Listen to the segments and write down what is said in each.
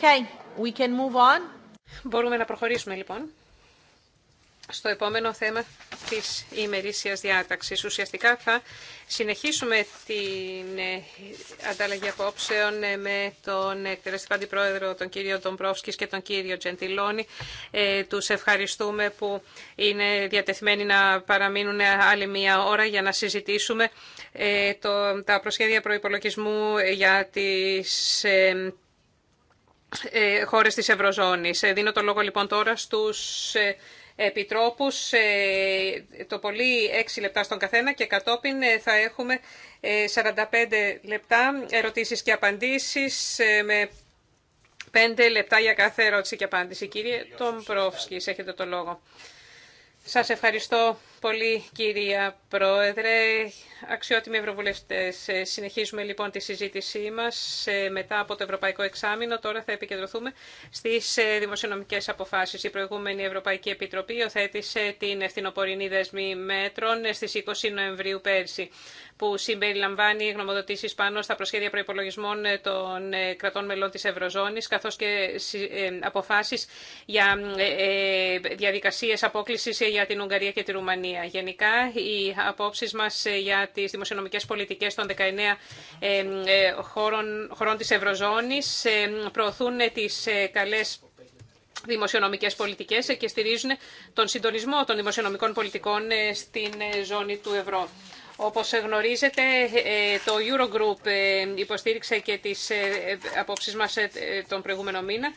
Okay, Μπορούμε να προχωρήσουμε λοιπόν στο επόμενο θέμα της ημερήσιας διάταξης. Ουσιαστικά θα συνεχίσουμε την ε, ανταλλαγή απόψεων ε, με τον εκτελεστικό αντιπρόεδρο, τον κύριο Ντομπρόφσκης και τον κύριο Τζεντιλόνη. Ε, τους ευχαριστούμε που είναι διατεθειμένοι να παραμείνουν άλλη μία ώρα για να συζητήσουμε ε, το, τα προσχέδια προϋπολογισμού για τις... Ε, χώρες της Ευρωζώνης. Ε, δίνω το λόγο λοιπόν τώρα στους ε, επιτρόπους, το πολύ έξι λεπτά στον καθένα και κατόπιν θα έχουμε 45 λεπτά ερωτήσεις και απαντήσεις με πέντε λεπτά για κάθε ερώτηση και απάντηση. Κύριε Τομπρόφσκης, έχετε το λόγο. Σας ευχαριστώ πολύ κυρία Πρόεδρε, αξιότιμοι ευρωβουλευτές. Ε, συνεχίζουμε λοιπόν τη συζήτησή μας ε, μετά από το Ευρωπαϊκό Εξάμεινο. Τώρα θα επικεντρωθούμε στις ε, δημοσιονομικές αποφάσεις. Η προηγούμενη Ευρωπαϊκή Επιτροπή υιοθέτησε την ευθυνοπορεινή δεσμή μέτρων στις 20 Νοεμβρίου πέρσι που συμπεριλαμβάνει γνωμοδοτήσεις πάνω στα προσχέδια προϋπολογισμών των κρατών μελών της Ευρωζώνης, καθώς και αποφάσεις για διαδικασίες απόκλησης για την Ουγγαρία και τη Ρουμανία. Γενικά, οι απόψεις μας ε, για τις δημοσιονομικές πολιτικές των 19 ε, ε, χωρών, χωρών της Ευρωζώνης προωθούν τις καλές δημοσιονομικές πολιτικές και στηρίζουν τον συντονισμό των δημοσιονομικών πολιτικών στην ζώνη του ευρώ. Όπως γνωρίζετε, το Eurogroup υποστήριξε και τις απόψεις μας τον προηγούμενο μήνα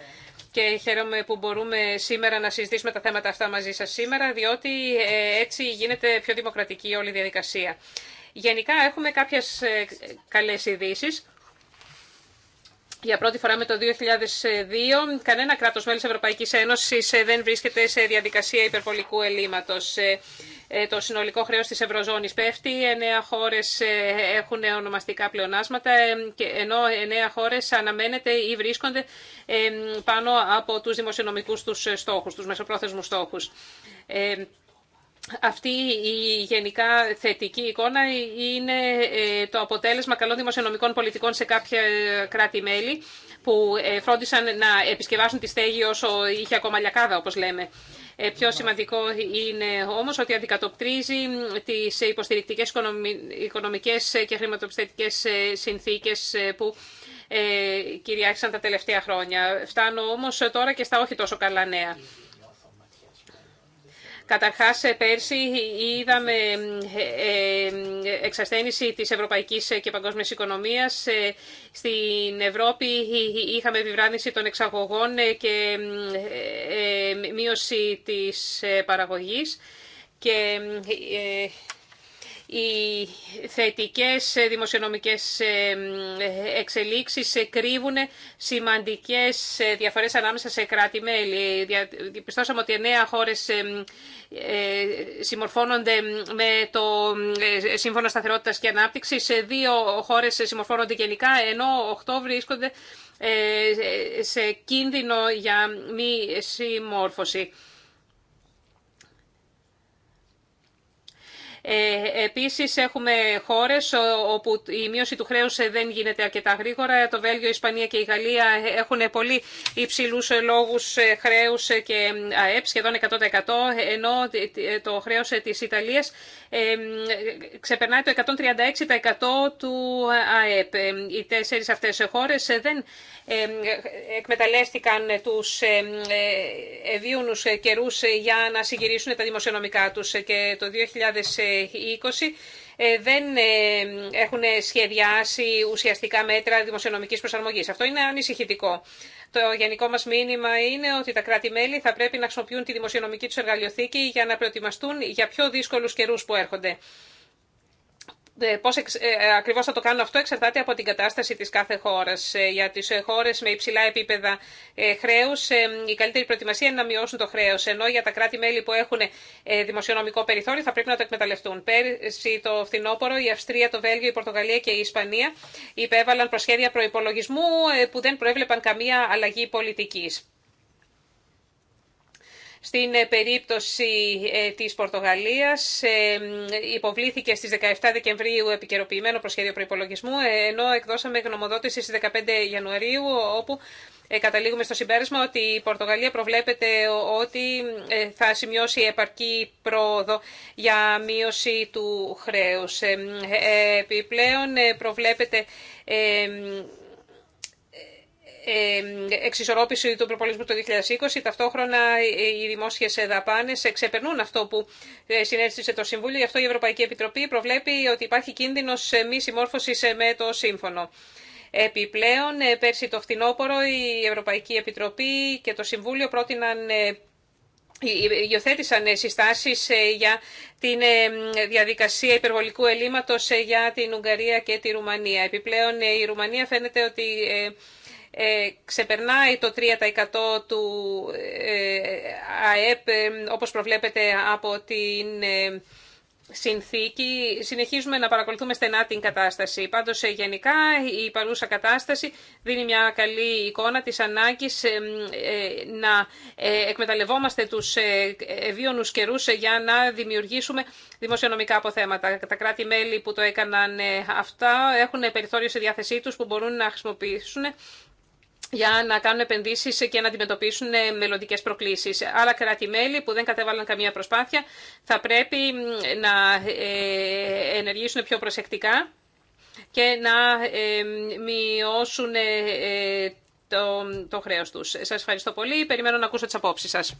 και χαίρομαι που μπορούμε σήμερα να συζητήσουμε τα θέματα αυτά μαζί σας σήμερα, διότι ε, έτσι γίνεται πιο δημοκρατική όλη η διαδικασία. Γενικά έχουμε κάποιες ε, καλές ειδήσει. Για πρώτη φορά με το 2002, κανένα κράτος μέλος Ευρωπαϊκής Ένωσης ε, δεν βρίσκεται σε διαδικασία υπερβολικού ελλείμματος. Ε, το συνολικό χρέος της Ευρωζώνης πέφτει, εννέα χώρες ε, έχουν ονομαστικά πλεονάσματα, ε, ενώ εννέα χώρες αναμένεται ή βρίσκονται πάνω από τους δημοσιονομικούς τους στόχους, τους μεσοπρόθεσμους στόχους. Αυτή η γενικά θετική εικόνα είναι το αποτέλεσμα καλών δημοσιονομικών πολιτικών σε κάποια κράτη-μέλη που φρόντισαν να επισκευάσουν τη στέγη όσο είχε ακόμα λιακάδα, όπως λέμε. Ε, πιο σημαντικό είναι όμως ότι αντικατοπτρίζει τις υποστηρικτικές οικονομικές και χρηματοπιστωτικές συνθήκες που ε, κυριάξαν τα τελευταία χρόνια. Φτάνω όμως τώρα και στα όχι τόσο καλά νέα. Καταρχάς, ε, πέρσι είδαμε ε, ε, εξασθένηση της ευρωπαϊκής και παγκόσμιας οικονομίας. Στην Ευρώπη είχαμε επιβράδυνση των εξαγωγών και μείωση της παραγωγής. Και οι θετικές ε, δημοσιονομικές ε, ε, εξελίξεις κρύβουν σημαντικές διαφορές ανάμεσα σε κράτη-μέλη. Πιστώσαμε ότι εννέα χώρες συμμορφώνονται με το Σύμφωνο Σταθερότητας και Ανάπτυξης, δύο χώρες συμμορφώνονται γενικά, ενώ οχτώ βρίσκονται σε κίνδυνο για μη συμμόρφωση. Ε, επίσης έχουμε χώρες όπου η μείωση του χρέους ε, δεν γίνεται αρκετά γρήγορα. Το Βέλγιο, η Ισπανία και η Γαλλία ε, έχουν πολύ υψηλούς λόγους χρέους και ΑΕΠ, σχεδόν 100%, ενώ το χρέος της Ιταλίας ξεπερνάει το 136% του ΑΕΠ. Οι τέσσερις αυτές χώρες δεν εκμεταλλεύτηκαν τους ευίουνους καιρούς για να συγκυρίσουν τα δημοσιονομικά τους και το ε, δεν ε, έχουν σχεδιάσει ουσιαστικά μέτρα δημοσιονομικής προσαρμογής. Αυτό είναι ανησυχητικό. Το γενικό μας μήνυμα είναι ότι τα κράτη-μέλη θα πρέπει να χρησιμοποιούν τη δημοσιονομική τους εργαλειοθήκη για να προετοιμαστούν για πιο δύσκολους καιρούς που έρχονται. Ε, Πώ ε, ε, ακριβώς θα το κάνουν αυτό εξαρτάται από την κατάσταση τη κάθε χώρας. Ε, για τις χώρε με υψηλά επίπεδα χρέους, η καλύτερη προετοιμασία είναι να μειώσουν το χρέο, ενώ για τα κράτη-μέλη που έχουν δημοσιονομικό περιθώριο θα πρέπει να το εκμεταλλευτούν. Πέρσι το φθινόπωρο, η Αυστρία, το Βέλγιο, η Πορτογαλία και η Ισπανία υπέβαλαν προσχέδια προϋπολογισμού που δεν προέβλεπαν καμία αλλαγή πολιτική. Στην ε, περίπτωση ε, της Πορτογαλίας ε, υποβλήθηκε στις 17 Δεκεμβρίου επικαιροποιημένο προσχέδιο προϋπολογισμού, ενώ εκδώσαμε γνωμοδότηση στις 15 Ιανουαρίου, όπου καταλήγουμε στο συμπέρασμα ότι η Πορτογαλία προβλέπεται ότι θα σημειώσει επαρκή πρόοδο για μείωση του χρέους. Επιπλέον προβλέπεται εξισορρόπηση του προπολογισμού το 2020. Ταυτόχρονα οι δημόσιε δαπάνε ξεπερνούν αυτό που ε, συνέστησε το Συμβούλιο. Γι' αυτό η Ευρωπαϊκή Επιτροπή προβλέπει ότι υπάρχει κίνδυνος μη συμμόρφωση ε, με το σύμφωνο. Επιπλέον, ε, πέρσι το φθινόπωρο η Ευρωπαϊκή Επιτροπή και το Συμβούλιο πρότειναν υιοθέτησαν συστάσεις για την διαδικασία υπερβολικού ελλείμματος για την Ουγγαρία και τη Ρουμανία. Επιπλέον η Ρουμανία φαίνεται ότι ε, ξεπερνάει το 3% του ε, ΑΕΠ ε, όπως προβλέπεται από την συνθήκη. Συνεχίζουμε να παρακολουθούμε στενά την κατάσταση. Πάντως γενικά η παρούσα κατάσταση δίνει μια καλή εικόνα της ανάγκης να εκμεταλλευόμαστε τους ευίωνους καιρούς για να δημιουργήσουμε δημοσιονομικά αποθέματα. Τα κράτη-μέλη που το έκαναν αυτά έχουν περιθώριο στη διάθεσή τους που μπορούν να χρησιμοποιήσουν για να κάνουν επενδύσεις και να αντιμετωπίσουν ε, μελλοντικέ προκλήσεις. Άλλα κράτη-μέλη που δεν κατέβαλαν καμία προσπάθεια θα πρέπει να ε, ενεργήσουν πιο προσεκτικά και να ε, μειώσουν το, το χρέος τους. Σας ευχαριστώ πολύ. Περιμένω να ακούσω τις απόψεις σας.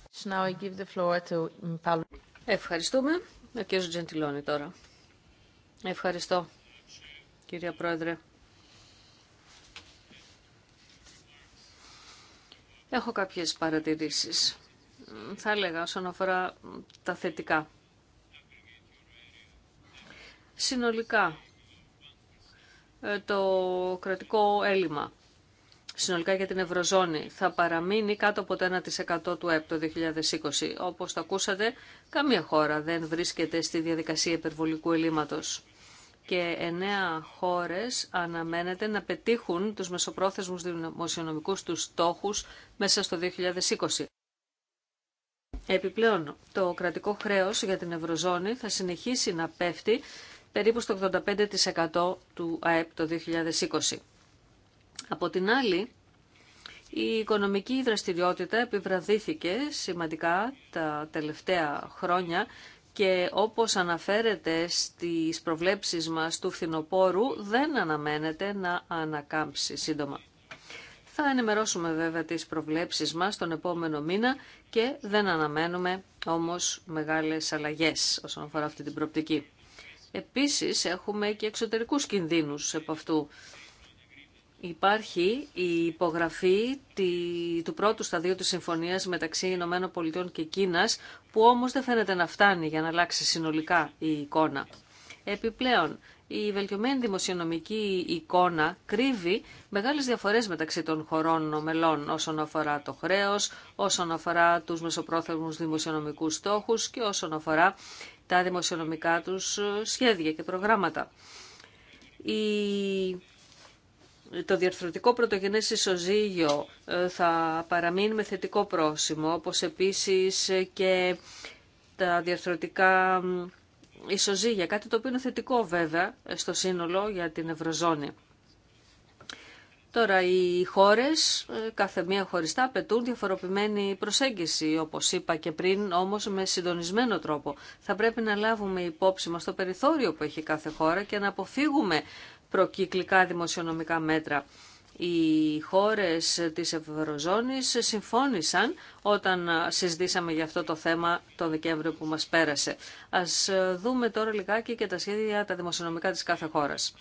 Ευχαριστούμε. Ο κ. τώρα. Ευχαριστώ, κυρία Πρόεδρε. Έχω κάποιες παρατηρήσεις. Θα έλεγα όσον αφορά τα θετικά. Συνολικά, ε, το κρατικό έλλειμμα συνολικά για την Ευρωζώνη θα παραμείνει κάτω από το 1% του ΕΠ το 2020. Όπως το ακούσατε, καμία χώρα δεν βρίσκεται στη διαδικασία υπερβολικού ελλείμματος και εννέα χώρες αναμένεται να πετύχουν τους μεσοπρόθεσμους δημοσιονομικούς τους στόχους μέσα στο 2020. Επιπλέον, το κρατικό χρέος για την Ευρωζώνη θα συνεχίσει να πέφτει περίπου στο 85% του ΑΕΠ το 2020. Από την άλλη, η οικονομική δραστηριότητα επιβραδύθηκε σημαντικά τα τελευταία χρόνια και όπως αναφέρεται στις προβλέψεις μας του φθινοπόρου δεν αναμένεται να ανακάμψει σύντομα. Θα ενημερώσουμε βέβαια τις προβλέψεις μας τον επόμενο μήνα και δεν αναμένουμε όμως μεγάλες αλλαγές όσον αφορά αυτή την προπτική. Επίσης έχουμε και εξωτερικούς κινδύνους από αυτού Υπάρχει η υπογραφή του πρώτου σταδίου της συμφωνίας μεταξύ Ηνωμένων Πολιτειών και Κίνας, που όμως δεν φαίνεται να φτάνει για να αλλάξει συνολικά η εικόνα. Επιπλέον, η βελτιωμένη δημοσιονομική εικόνα κρύβει μεγάλες διαφορές μεταξύ των χωρών μελών όσον αφορά το χρέος, όσον αφορά τους μεσοπρόθεσμους δημοσιονομικούς στόχους και όσον αφορά τα δημοσιονομικά τους σχέδια και προγράμματα. Η το διαρθρωτικό πρωτογενές ισοζύγιο ε, θα παραμείνει με θετικό πρόσημο, όπως επίσης ε, και τα διαρθρωτικά ισοζύγια, κάτι το οποίο είναι θετικό βέβαια ε, στο σύνολο για την Ευρωζώνη. Τώρα οι χώρες, κάθε μία χωριστά, πετούν διαφοροποιημένη προσέγγιση, όπως είπα και πριν, όμως με συντονισμένο τρόπο. Θα πρέπει να λάβουμε υπόψη μας το περιθώριο που έχει κάθε χώρα και να αποφύγουμε προκυκλικά δημοσιονομικά μέτρα. Οι χώρες της Ευρωζώνης συμφώνησαν όταν συζητήσαμε για αυτό το θέμα το Δεκέμβριο που μας πέρασε. Ας δούμε τώρα λιγάκι και τα σχέδια τα δημοσιονομικά της κάθε χώρας.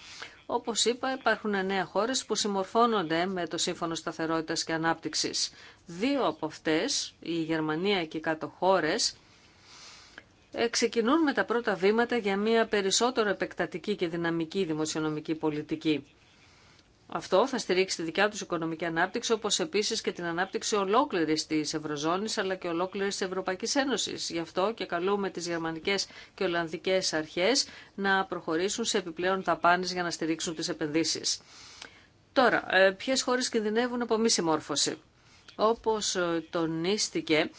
Όπως είπα, υπάρχουν νέα χώρες που συμμορφώνονται με το Σύμφωνο Σταθερότητας και Ανάπτυξης. Δύο από αυτές, η Γερμανία και οι κάτω χώρες, ε, ξεκινούν με τα πρώτα βήματα για μια περισσότερο επεκτατική και δυναμική δημοσιονομική πολιτική. Αυτό θα στηρίξει τη δικιά τους οικονομική ανάπτυξη, όπως επίσης και την ανάπτυξη ολόκληρης της Ευρωζώνης, αλλά και ολόκληρης της Ευρωπαϊκής Ένωσης. Γι' αυτό και καλούμε τις γερμανικές και ολλανδικές αρχές να προχωρήσουν σε επιπλέον δαπάνες για να στηρίξουν τις επενδύσεις. Τώρα, ε, ποιες χώρες κινδυνεύουν από μη συμμόρφωση. Όπως ε, τονίστηκε,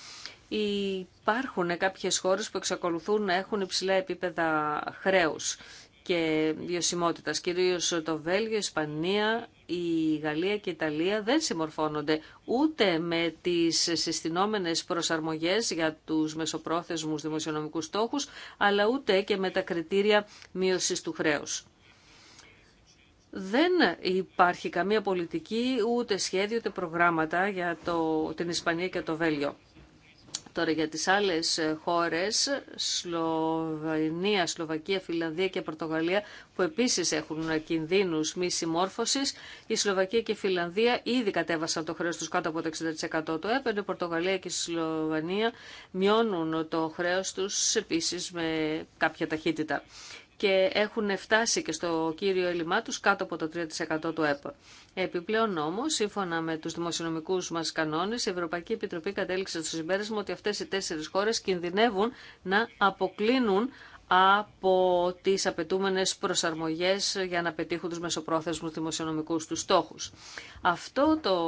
Υπάρχουν κάποιες χώρες που εξακολουθούν να έχουν υψηλά επίπεδα χρέους και βιωσιμότητας. Κυρίως το Βέλγιο, η Ισπανία, η Γαλλία και η Ιταλία δεν συμμορφώνονται ούτε με τις συστηνόμενες προσαρμογές για τους μεσοπρόθεσμους δημοσιονομικούς στόχους, αλλά ούτε και με τα κριτήρια μείωσης του χρέους. Δεν υπάρχει καμία πολιτική, ούτε σχέδιο, ούτε προγράμματα για το, την Ισπανία και το Βέλγιο. Τώρα για τις άλλες ε, χώρες, Σλοβενία, Σλοβακία, Φιλανδία και Πορτογαλία, που επίσης έχουν κινδύνους μη συμμόρφωσης, η Σλοβακία και η Φιλανδία ήδη κατέβασαν το χρέος τους κάτω από το 60% του έπαιρνε, η Πορτογαλία και η Σλοβανία μειώνουν το χρέος τους επίσης με κάποια ταχύτητα και έχουν φτάσει και στο κύριο έλλειμμά τους κάτω από το 3% του ΕΠΑ. Επιπλέον όμως, σύμφωνα με τους δημοσιονομικούς μας κανόνες, η Ευρωπαϊκή Επιτροπή κατέληξε στο συμπέρασμα ότι αυτές οι τέσσερις χώρες κινδυνεύουν να αποκλίνουν από τις απαιτούμενες προσαρμογές για να πετύχουν τους μεσοπρόθεσμους δημοσιονομικούς τους στόχους. Αυτό το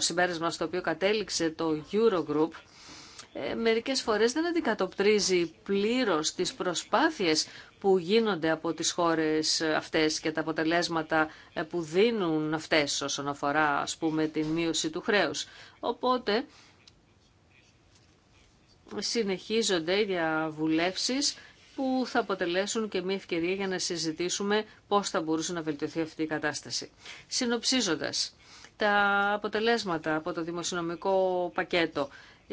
συμπέρασμα στο οποίο κατέληξε το Eurogroup ε, μερικές φορές δεν αντικατοπτρίζει πλήρως τις προσπάθειες που γίνονται από τις χώρες αυτές και τα αποτελέσματα ε, που δίνουν αυτές όσον αφορά ας πούμε την μείωση του χρέους. Οπότε συνεχίζονται οι διαβουλεύσεις που θα αποτελέσουν και μια ευκαιρία για να συζητήσουμε πώς θα μπορούσε να βελτιωθεί αυτή η κατάσταση. Συνοψίζοντας, τα αποτελέσματα από το δημοσιονομικό πακέτο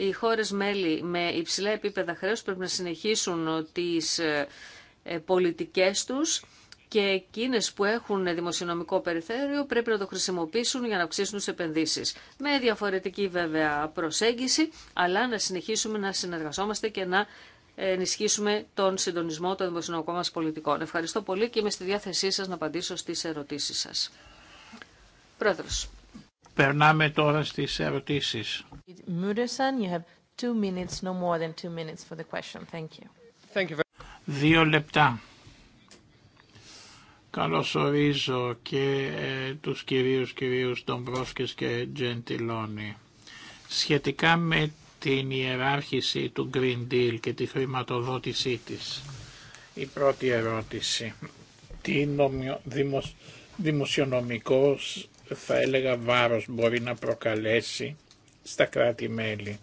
οι χώρες μέλη με υψηλά επίπεδα χρέους πρέπει να συνεχίσουν τις ε, ε, πολιτικές τους και εκείνες που έχουν δημοσιονομικό περιθώριο πρέπει να το χρησιμοποιήσουν για να αυξήσουν τις επενδύσεις. Με διαφορετική βέβαια προσέγγιση, αλλά να συνεχίσουμε να συνεργαζόμαστε και να ενισχύσουμε τον συντονισμό των δημοσιονομικών μας πολιτικών. Ευχαριστώ πολύ και είμαι στη διάθεσή σας να απαντήσω στις ερωτήσεις σας. Πρόεδρος. Περνάμε τώρα στις ερωτήσεις. Δύο λεπτά. Καλωσορίζω και ε, τους κυρίους κυρίους πρόσκες και Τζεντιλόνι. Σχετικά με την ιεράρχηση του Green Deal και τη χρηματοδότησή της. Η πρώτη ερώτηση. Τι νομιο, δημοσιονομικός θα έλεγα βάρος μπορεί να προκαλέσει στα κράτη-μέλη.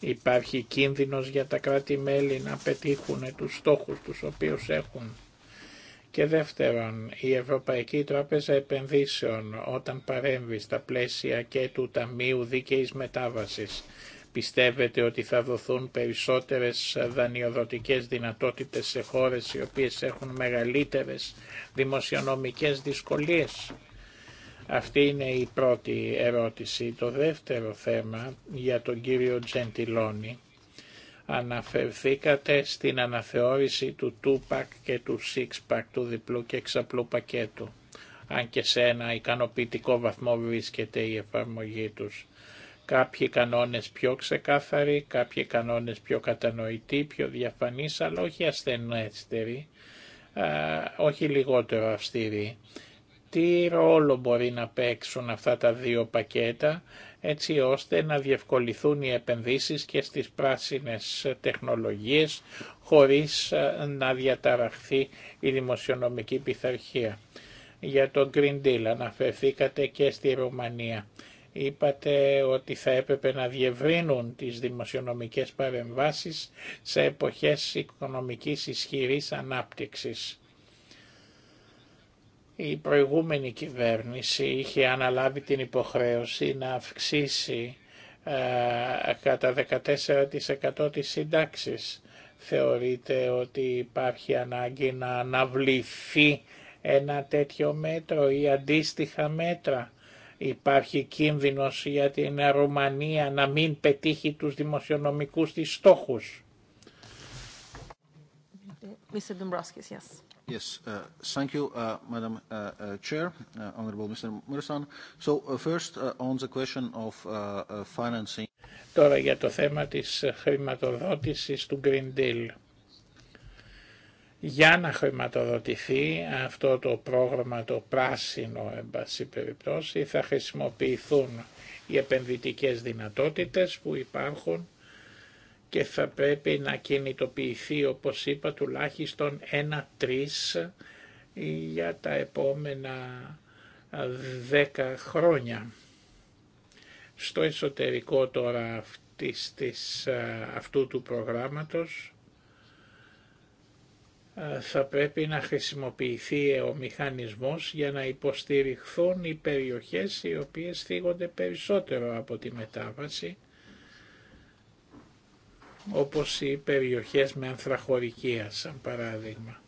Υπάρχει κίνδυνος για τα κράτη-μέλη να πετύχουν τους στόχους τους οποίους έχουν. Και δεύτερον, η Ευρωπαϊκή Τράπεζα Επενδύσεων όταν παρέμβει στα πλαίσια και του Ταμείου Δίκαιης Μετάβασης πιστεύετε ότι θα δοθούν περισσότερες δανειοδοτικές δυνατότητες σε χώρες οι οποίες έχουν μεγαλύτερες δημοσιονομικές δυσκολίες. Αυτή είναι η πρώτη ερώτηση. Το δεύτερο θέμα για τον κύριο Τζεντιλόνι. Αναφερθήκατε στην αναθεώρηση του 2-pack και του 6-pack, του διπλού και εξαπλού πακέτου. Αν και σε ένα ικανοποιητικό βαθμό βρίσκεται η εφαρμογή τους. Κάποιοι κανόνες πιο ξεκάθαροι, κάποιοι κανόνες πιο κατανοητοί, πιο διαφανείς, αλλά όχι ασθενέστεροι, όχι λιγότερο αυστηροί τι ρόλο μπορεί να παίξουν αυτά τα δύο πακέτα έτσι ώστε να διευκολυθούν οι επενδύσεις και στις πράσινες τεχνολογίες χωρίς ε, να διαταραχθεί η δημοσιονομική πειθαρχία. Για τον Green Deal αναφερθήκατε και στη Ρουμανία. Είπατε ότι θα έπρεπε να διευρύνουν τις δημοσιονομικές παρεμβάσεις σε εποχές οικονομικής ισχυρής ανάπτυξης η προηγούμενη κυβέρνηση είχε αναλάβει την υποχρέωση να αυξήσει ε, κατά 14% τις συντάξεις. Θεωρείτε ότι υπάρχει ανάγκη να αναβληθεί ένα τέτοιο μέτρο ή αντίστοιχα μέτρα. Υπάρχει κίνδυνος για την Ρουμανία να μην πετύχει τους δημοσιονομικούς της στόχους. yes. Τώρα για το θέμα της χρηματοδότησης του Green Deal. Για να χρηματοδοτηθεί αυτό το πρόγραμμα, το πράσινο, εν περιπτώσει, θα χρησιμοποιηθούν οι επενδυτικές δυνατότητες που υπάρχουν και θα πρέπει να κινητοποιηθεί όπως είπα τουλάχιστον ένα τρεις για τα επόμενα δέκα χρόνια. Στο εσωτερικό τώρα αυτού του προγράμματος θα πρέπει να χρησιμοποιηθεί ο μηχανισμός για να υποστηριχθούν οι περιοχές οι οποίες θίγονται περισσότερο από τη μετάβαση όπως οι περιοχές με ανθραχωρικία σαν παράδειγμα.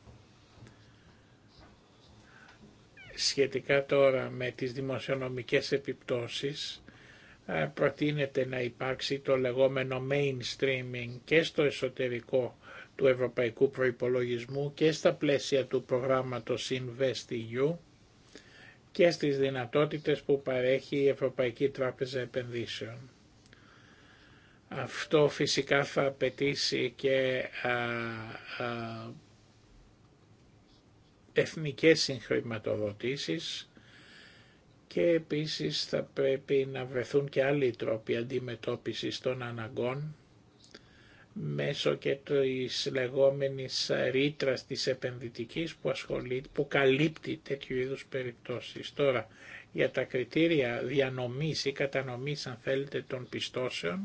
Σχετικά τώρα με τις δημοσιονομικές επιπτώσεις, ε, προτείνεται να υπάρξει το λεγόμενο mainstreaming και στο εσωτερικό του Ευρωπαϊκού Προϋπολογισμού και στα πλαίσια του προγράμματος InvestEU και στις δυνατότητες που παρέχει η Ευρωπαϊκή Τράπεζα Επενδύσεων. Αυτό φυσικά θα απαιτήσει και α, α, εθνικές συγχρηματοδοτήσεις και επίσης θα πρέπει να βρεθούν και άλλοι τρόποι αντιμετώπισης των αναγκών μέσω και της λεγόμενης ρήτρα της επενδυτικής που, ασχολεί, που καλύπτει τέτοιου είδους περιπτώσεις. Τώρα, για τα κριτήρια διανομής ή κατανομής, αν θέλετε, των πιστώσεων,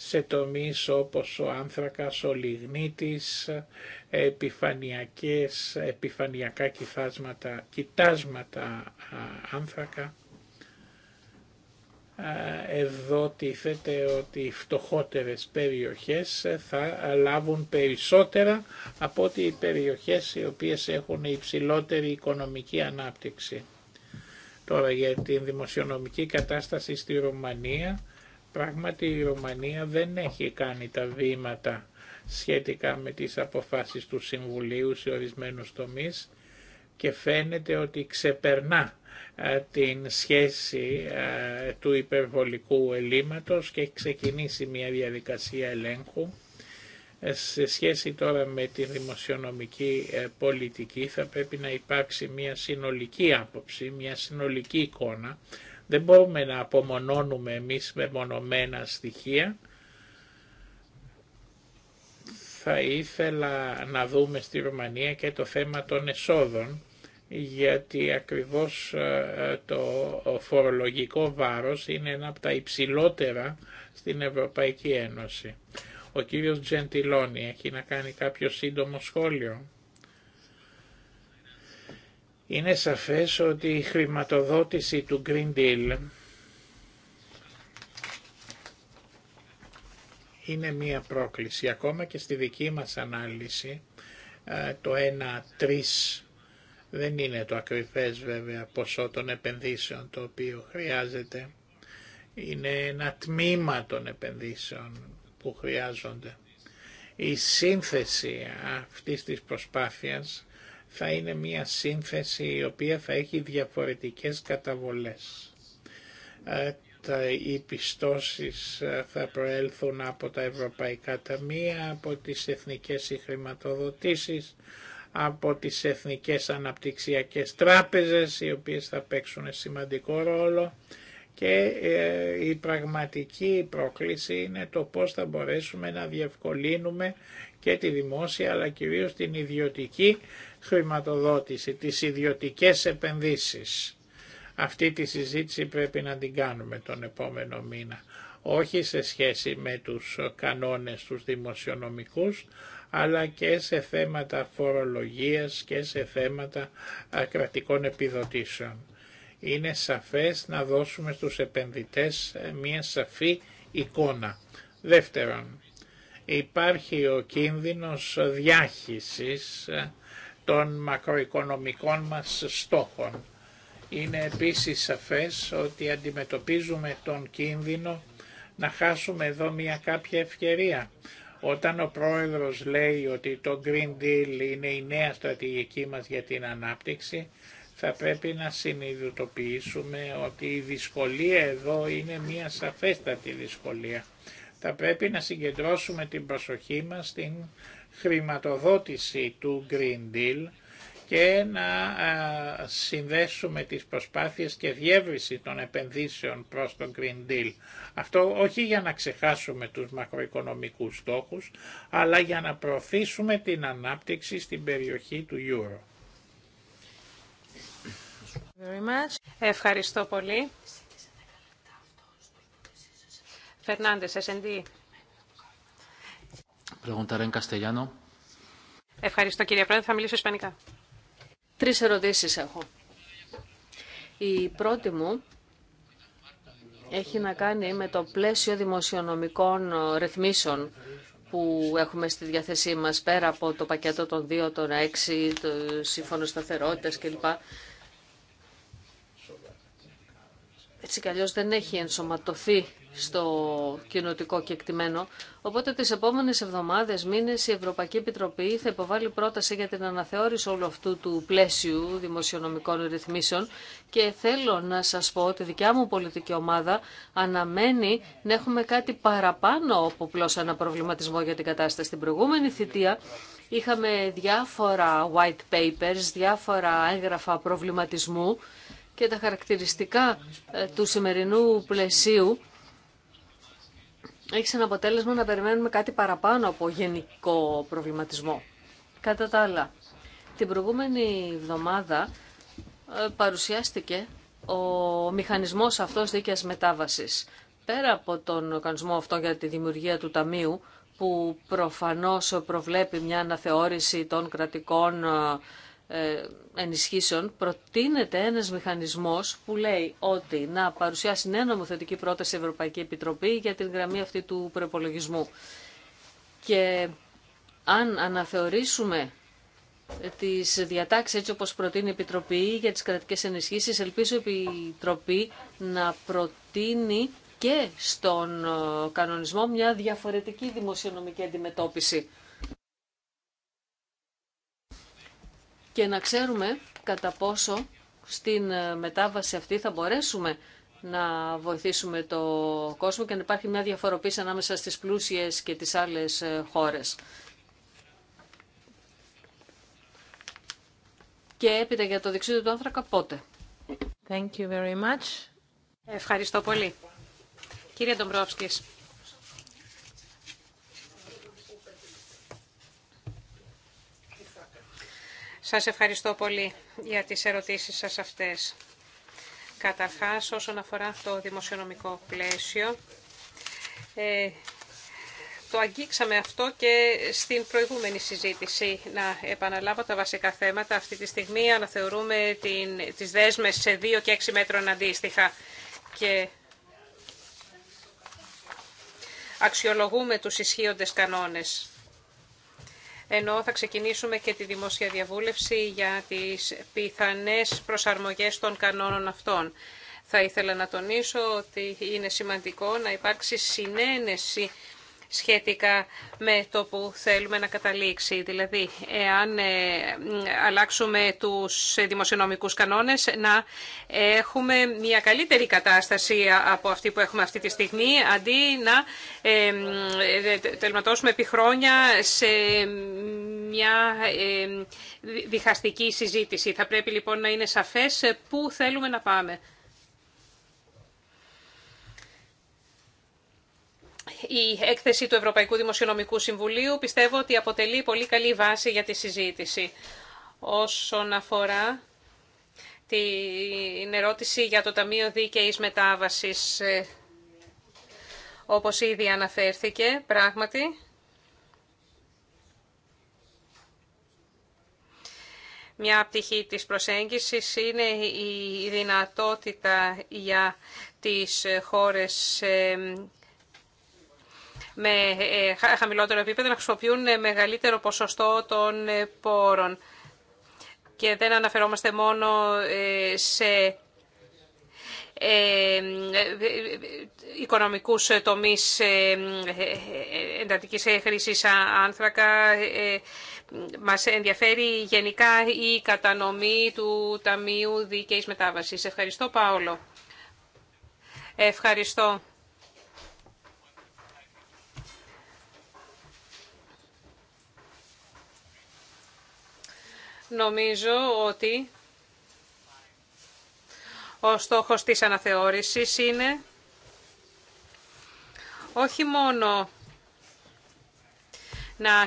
σε τομείς όπως ο άνθρακας, ο λιγνίτης, επιφανειακές, επιφανειακά κοιτάσματα, κοιτάσματα άνθρακα. Εδώ τίθεται ότι οι φτωχότερες περιοχές θα λάβουν περισσότερα από ότι οι περιοχές οι οποίες έχουν υψηλότερη οικονομική ανάπτυξη. Τώρα για την δημοσιονομική κατάσταση στη Ρουμανία Πράγματι η Ρωμανία δεν έχει κάνει τα βήματα σχετικά με τις αποφάσεις του Συμβουλίου σε ορισμένους τομείς και φαίνεται ότι ξεπερνά ε, την σχέση ε, του υπερβολικού ελλείμματος και έχει ξεκινήσει μια διαδικασία ελέγχου. Ε, σε σχέση τώρα με τη δημοσιονομική πολιτική θα πρέπει να υπάρξει μια συνολική άποψη, μια συνολική εικόνα δεν μπορούμε να απομονώνουμε εμείς μονομένα στοιχεία. Θα ήθελα να δούμε στη Ρουμανία και το θέμα των εσόδων, γιατί ακριβώς ε, το φορολογικό βάρος είναι ένα από τα υψηλότερα στην Ευρωπαϊκή Ένωση. Ο κύριος Τζεντιλόνι έχει να κάνει κάποιο σύντομο σχόλιο. Είναι σαφές ότι η χρηματοδότηση του Green Deal είναι μία πρόκληση. Ακόμα και στη δική μας ανάλυση ε, το 1-3 δεν είναι το ακριβές βέβαια ποσό των επενδύσεων το οποίο χρειάζεται. Είναι ένα τμήμα των επενδύσεων που χρειάζονται. Η σύνθεση αυτής της προσπάθειας θα είναι μια σύνθεση η οποία θα έχει διαφορετικές καταβολές. Ε, τα, οι πιστώσεις ε, θα προέλθουν από τα ευρωπαϊκά ταμεία, από τις εθνικές χρηματοδοτήσεις, από τις εθνικές αναπτυξιακές τράπεζες, οι οποίες θα παίξουν σημαντικό ρόλο και ε, η πραγματική πρόκληση είναι το πώς θα μπορέσουμε να διευκολύνουμε και τη δημόσια αλλά κυρίως την ιδιωτική χρηματοδότηση, τις ιδιωτικές επενδύσεις. Αυτή τη συζήτηση πρέπει να την κάνουμε τον επόμενο μήνα. Όχι σε σχέση με τους κανόνες τους δημοσιονομικούς, αλλά και σε θέματα φορολογίας και σε θέματα κρατικών επιδοτήσεων. Είναι σαφές να δώσουμε στους επενδυτές ε, μία σαφή εικόνα. Δεύτερον, υπάρχει ο κίνδυνος διάχυσης ε, των μακροοικονομικών μας στόχων. Είναι επίσης σαφές ότι αντιμετωπίζουμε τον κίνδυνο να χάσουμε εδώ μια κάποια ευκαιρία. Όταν ο πρόεδρος λέει ότι το Green Deal είναι η νέα στρατηγική μας για την ανάπτυξη, θα πρέπει να συνειδητοποιήσουμε ότι η δυσκολία εδώ είναι μια σαφέστατη δυσκολία. Θα πρέπει να συγκεντρώσουμε την προσοχή μας στην χρηματοδότηση του Green Deal και να συνδέσουμε τις προσπάθειες και διεύρυνση των επενδύσεων προς τον Green Deal. Αυτό όχι για να ξεχάσουμε τους μακροοικονομικούς στόχους, αλλά για να προωθήσουμε την ανάπτυξη στην περιοχή του Euro. Ευχαριστώ πολύ. Φερνάντες, S&D. Ευχαριστώ κύριε Πρόεδρε, θα μιλήσω ισπανικά. Τρει ερωτήσει έχω. Η πρώτη μου έχει να κάνει με το πλαίσιο δημοσιονομικών ρυθμίσεων που έχουμε στη διάθεσή μας πέρα από το πακέτο των 2, των 6, το σύμφωνο σταθερότητας κλπ. έτσι κι αλλιώς δεν έχει ενσωματωθεί στο κοινοτικό κεκτημένο. Οπότε τις επόμενες εβδομάδες, μήνες, η Ευρωπαϊκή Επιτροπή θα υποβάλει πρόταση για την αναθεώρηση όλου αυτού του πλαίσιου δημοσιονομικών ρυθμίσεων και θέλω να σας πω ότι η δικιά μου πολιτική ομάδα αναμένει να έχουμε κάτι παραπάνω από απλώ ένα προβληματισμό για την κατάσταση. Στην προηγούμενη θητεία είχαμε διάφορα white papers, διάφορα έγγραφα προβληματισμού και τα χαρακτηριστικά ε, του σημερινού πλαισίου έχει σαν αποτέλεσμα να περιμένουμε κάτι παραπάνω από γενικό προβληματισμό. Κατά τα άλλα, την προηγούμενη εβδομάδα ε, παρουσιάστηκε ο μηχανισμός αυτός δίκαιας μετάβασης. Πέρα από τον οργανισμό αυτό για τη δημιουργία του Ταμείου, που προφανώς προβλέπει μια αναθεώρηση των κρατικών ε, ε, ενισχύσεων προτείνεται ένας μηχανισμός που λέει ότι να παρουσιάσει νέα νομοθετική πρόταση η Ευρωπαϊκή Επιτροπή για την γραμμή αυτή του προπολογισμού. Και αν αναθεωρήσουμε τις διατάξεις έτσι όπως προτείνει η Επιτροπή για τις κρατικές ενισχύσεις, ελπίζω η Επιτροπή να προτείνει και στον ε, κανονισμό μια διαφορετική δημοσιονομική αντιμετώπιση και να ξέρουμε κατά πόσο στην ε, μετάβαση αυτή θα μπορέσουμε να βοηθήσουμε το κόσμο και να υπάρχει μια διαφοροποίηση ανάμεσα στις πλούσιες και τις άλλες ε, χώρες. Και έπειτα για το δεξίδιο του άνθρακα πότε. Thank you very much. Ευχαριστώ πολύ. Κύριε Ντομπρόφσκης. Σας ευχαριστώ πολύ για τις ερωτήσεις σας αυτές. Καταρχάς, όσον αφορά το δημοσιονομικό πλαίσιο, ε, το αγγίξαμε αυτό και στην προηγούμενη συζήτηση. Να επαναλάβω τα βασικά θέματα. Αυτή τη στιγμή αναθεωρούμε την, τις δέσμες σε 2 και 6 μέτρων αντίστοιχα. Και αξιολογούμε τους ισχύοντες κανόνες ενώ θα ξεκινήσουμε και τη δημόσια διαβούλευση για τις πιθανές προσαρμογές των κανόνων αυτών. Θα ήθελα να τονίσω ότι είναι σημαντικό να υπάρξει συνένεση σχετικά με το που θέλουμε να καταλήξει. Δηλαδή, εάν ε, αλλάξουμε τους δημοσιονομικούς κανόνες, να έχουμε μια καλύτερη κατάσταση από αυτή που έχουμε αυτή τη στιγμή, αντί να ε, ε, τελματώσουμε επί χρόνια σε μια διχαστική συζήτηση. Θα πρέπει λοιπόν να είναι σαφές πού θέλουμε να πάμε. η έκθεση του Ευρωπαϊκού Δημοσιονομικού Συμβουλίου πιστεύω ότι αποτελεί πολύ καλή βάση για τη συζήτηση. Όσον αφορά την ερώτηση για το Ταμείο Δίκαιης Μετάβασης, ε, όπως ήδη αναφέρθηκε, πράγματι, Μια πτυχή της προσέγγισης είναι η δυνατότητα για τις χώρες ε, με ε, χαμηλότερο επίπεδο να χρησιμοποιούν ε, μεγαλύτερο ποσοστό των ε, πόρων. Και δεν αναφερόμαστε μόνο σε οικονομικούς τομείς εντατικής χρήσης άνθρακα. Μας ενδιαφέρει γενικά η κατανομή του Ταμείου Δίκαιης Μετάβασης. Ευχαριστώ, Πάολο. Ευχαριστώ. Νομίζω ότι ο στόχος της αναθεώρησης είναι όχι μόνο να,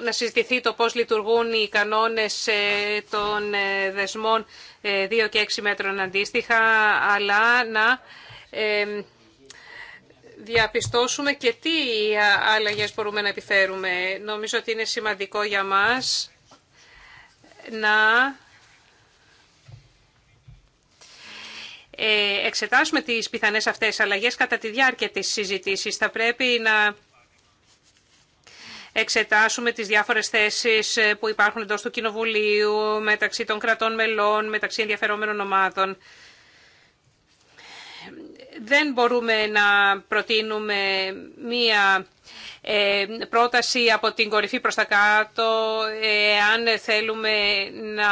να συζητηθεί το πώς λειτουργούν οι κανόνες ε, των ε, δεσμών 2 ε, και 6 μέτρων αντίστοιχα, αλλά να διαπιστώσουμε και τι αλλαγές μπορούμε να επιφέρουμε. Νομίζω ότι είναι σημαντικό για μας να ε, εξετάσουμε τις πιθανές αυτές αλλαγές κατά τη διάρκεια της συζητήσης. Θα πρέπει να εξετάσουμε τις διάφορες θέσεις ε, που υπάρχουν εντός του Κοινοβουλίου, μεταξύ των κρατών μελών, μεταξύ ενδιαφερόμενων ομάδων δεν μπορούμε να προτείνουμε μία ε, πρόταση από την κορυφή προς τα κάτω ε, αν θέλουμε να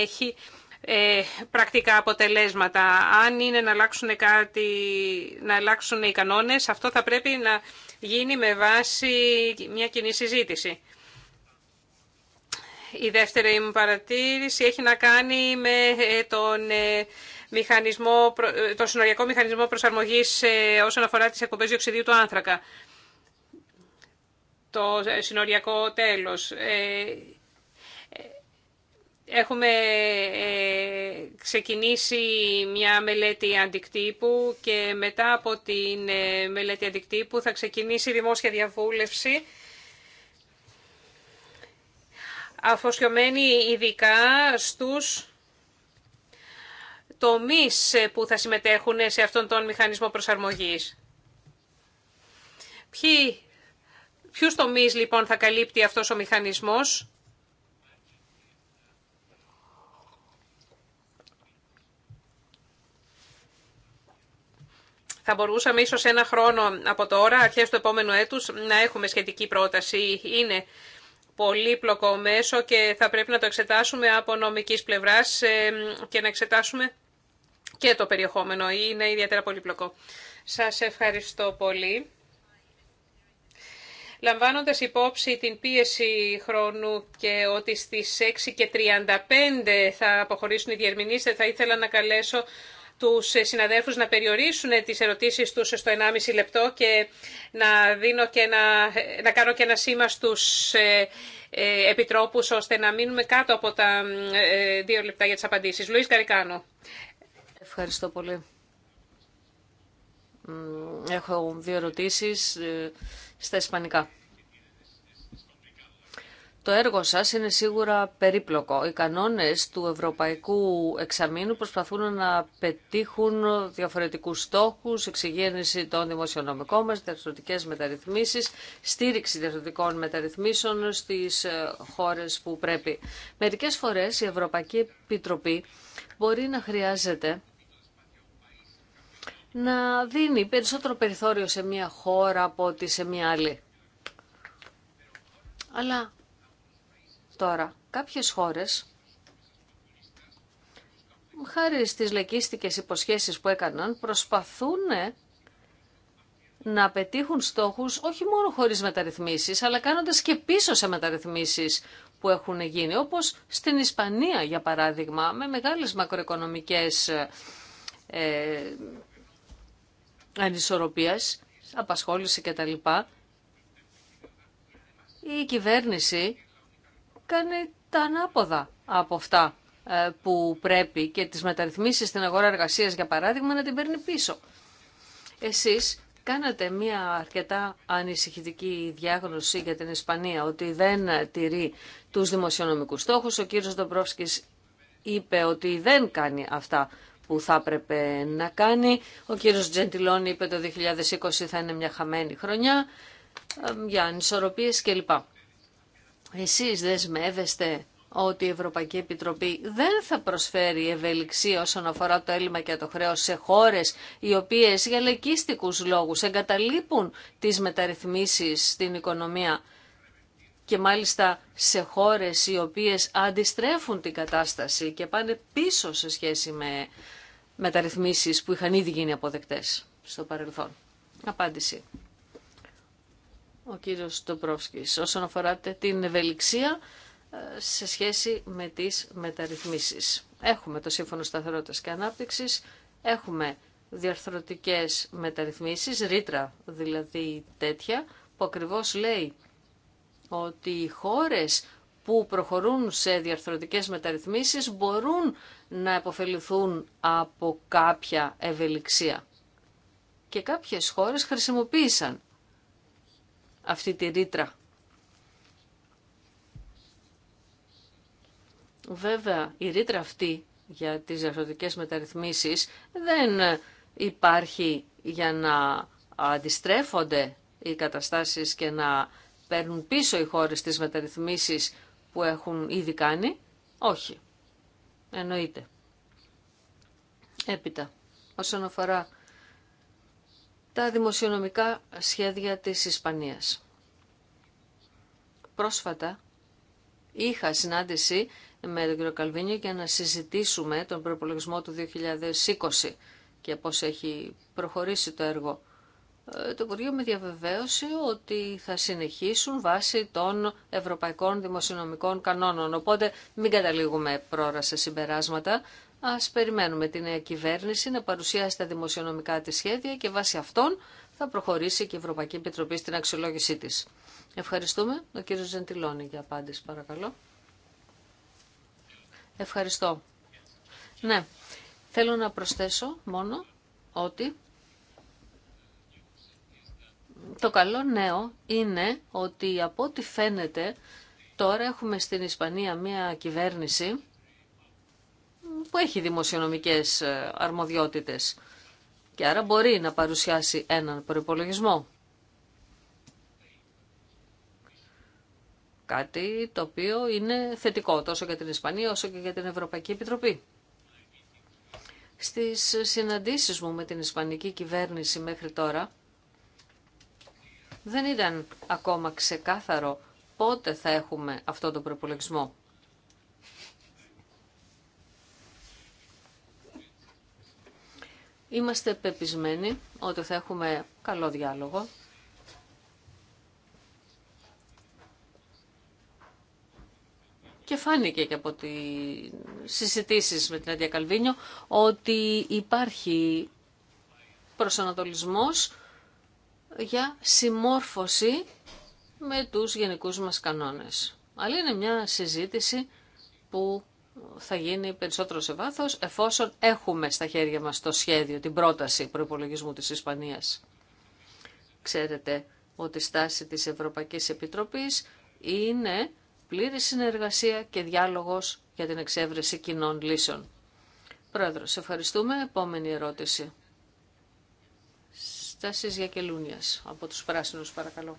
έχει ε, πρακτικά αποτελέσματα. Αν είναι να αλλάξουν, κάτι, να αλλάξουν οι κανόνες, αυτό θα πρέπει να γίνει με βάση μια κοινή συζήτηση. Η δεύτερη μου παρατήρηση έχει να κάνει με τον μηχανισμό, ε, το συνοριακό μηχανισμό προσαρμογής ε, όσον αφορά τις εκπομπές διοξιδίου του άνθρακα. Το ε, συνοριακό τέλος. Έχουμε ξεκινήσει μια μελέτη αντικτύπου και μετά από την μελέτη αντικτύπου θα ξεκινήσει δημόσια διαβούλευση αφοσιωμένη ειδικά στους τομείς ε, που θα συμμετέχουν σε αυτόν τον μηχανισμό προσαρμογής. Ποιοι, ποιους τομείς λοιπόν θα καλύπτει αυτός ο μηχανισμός. Θα μπορούσαμε ίσως ένα χρόνο από τώρα, αρχές του επόμενου έτους, να έχουμε σχετική πρόταση. Είναι πολύπλοκο μέσο και θα πρέπει να το εξετάσουμε από νομικής πλευράς ε, και να εξετάσουμε και το περιεχόμενο είναι ιδιαίτερα πολύπλοκο. Σας ευχαριστώ πολύ. Λαμβάνοντας υπόψη την πίεση χρόνου και ότι στις 6 θα αποχωρήσουν οι διερμηνείς, θα ήθελα να καλέσω τους συναδέλφους να περιορίσουν τις ερωτήσεις τους στο 1,5 λεπτό και να, δίνω και να να κάνω και ένα σήμα στους ε, ε, επιτρόπους ώστε να μείνουμε κάτω από τα ε, δύο λεπτά για τις απαντήσεις. Λουίς Καρικάνο. Ευχαριστώ πολύ. Έχω δύο ερωτήσεις ε, στα ισπανικά. Το έργο σας είναι σίγουρα περίπλοκο. Οι κανόνες του Ευρωπαϊκού Εξαμήνου προσπαθούν να πετύχουν διαφορετικούς στόχους, εξυγέννηση των δημοσιονομικών μας, διαρθρωτικές μεταρρυθμίσεις, στήριξη διαρθρωτικών μεταρρυθμίσεων στις ε, χώρες που πρέπει. Μερικές φορές η Ευρωπαϊκή Επιτροπή μπορεί να χρειάζεται να δίνει περισσότερο περιθώριο σε μια χώρα από ότι σε μια άλλη. Αλλά τώρα κάποιες χώρες χάρη στις λεκίστικες υποσχέσεις που έκαναν προσπαθούν να πετύχουν στόχους όχι μόνο χωρίς μεταρρυθμίσεις αλλά κάνοντας και πίσω σε μεταρρυθμίσεις που έχουν γίνει όπως στην Ισπανία για παράδειγμα με μεγάλες μακροοικονομικές ε, ανισορροπίας, απασχόληση λοιπά, Η κυβέρνηση κάνει τα ανάποδα από αυτά ε, που πρέπει και τις μεταρρυθμίσεις στην αγορά εργασίας, για παράδειγμα, να την παίρνει πίσω. Εσείς κάνατε μια αρκετά ανησυχητική διάγνωση για την Ισπανία, ότι δεν τηρεί τους δημοσιονομικούς στόχους. Ο κύριος Ντομπρόφσκης είπε ότι δεν κάνει αυτά που θα έπρεπε να κάνει. Ο κύριος Τζεντιλόνι είπε το 2020 θα είναι μια χαμένη χρονιά για ανισορροπίες κλπ. Εσείς δεσμεύεστε ότι η Ευρωπαϊκή Επιτροπή δεν θα προσφέρει ευελιξία όσον αφορά το έλλειμμα και το χρέος σε χώρες οι οποίες για λαϊκίστικους λόγους εγκαταλείπουν τις μεταρρυθμίσεις στην οικονομία και μάλιστα σε χώρες οι οποίες αντιστρέφουν την κατάσταση και πάνε πίσω σε σχέση με μεταρρυθμίσεις που είχαν ήδη γίνει αποδεκτές στο παρελθόν. Απάντηση. Ο κύριος Τοπρόφσκης, όσον αφορά την ευελιξία ε, σε σχέση με τις μεταρρυθμίσεις. Έχουμε το Σύμφωνο Σταθερότητας και Ανάπτυξης, έχουμε διαρθρωτικές μεταρρυθμίσεις, ρήτρα δηλαδή τέτοια, που ακριβώς λέει ότι οι χώρες που προχωρούν σε διαρθρωτικές μεταρρυθμίσεις μπορούν να επωφεληθούν από κάποια ευελιξία. Και κάποιες χώρες χρησιμοποίησαν αυτή τη ρήτρα. Βέβαια, η ρήτρα αυτή για τις διαρθρωτικές μεταρρυθμίσεις δεν υπάρχει για να αντιστρέφονται οι καταστάσεις και να παίρνουν πίσω οι χώρες τις μεταρρυθμίσεις που έχουν ήδη κάνει. Όχι. Εννοείται. Έπειτα, όσον αφορά τα δημοσιονομικά σχέδια της Ισπανίας. Πρόσφατα είχα συνάντηση με τον κύριο Καλβίνιο για να συζητήσουμε τον προπολογισμό του 2020 και πώς έχει προχωρήσει το έργο. Ε, το Υπουργείο με διαβεβαίωση ότι θα συνεχίσουν βάσει των ευρωπαϊκών δημοσιονομικών κανόνων. Οπότε μην καταλήγουμε πρόωρα σε συμπεράσματα. Ας περιμένουμε την νέα κυβέρνηση να παρουσιάσει τα δημοσιονομικά της σχέδια και βάσει αυτών θα προχωρήσει και η Ευρωπαϊκή Επιτροπή στην αξιολόγησή της. Ευχαριστούμε. Ο κύριος Ζεντιλόνη για απάντηση παρακαλώ. Ευχαριστώ. Ναι, θέλω να προσθέσω μόνο ότι το καλό νέο είναι ότι από ό,τι φαίνεται τώρα έχουμε στην Ισπανία μια κυβέρνηση που έχει δημοσιονομικές ε, αρμοδιότητες και άρα μπορεί να παρουσιάσει έναν προϋπολογισμό. Κάτι το οποίο είναι θετικό τόσο για την Ισπανία όσο και για την Ευρωπαϊκή Επιτροπή. Στις συναντήσεις μου με την Ισπανική κυβέρνηση μέχρι τώρα, δεν ήταν ακόμα ξεκάθαρο πότε θα έχουμε αυτό τον προπολογισμό. Είμαστε πεπισμένοι ότι θα έχουμε καλό διάλογο. Και φάνηκε και από τι συζητήσει με την Αντία Καλβίνιο ότι υπάρχει προσανατολισμός για συμμόρφωση με τους γενικούς μας κανόνες. Αλλά είναι μια συζήτηση που θα γίνει περισσότερο σε βάθος εφόσον έχουμε στα χέρια μας το σχέδιο, την πρόταση προϋπολογισμού της Ισπανίας. Ξέρετε ότι η στάση της Ευρωπαϊκής Επιτροπής είναι πλήρη συνεργασία και διάλογος για την εξέβρεση κοινών λύσεων. Πρόεδρος, ευχαριστούμε. Επόμενη ερώτηση για Γιακελούνιας από τους Πράσινους παρακαλώ.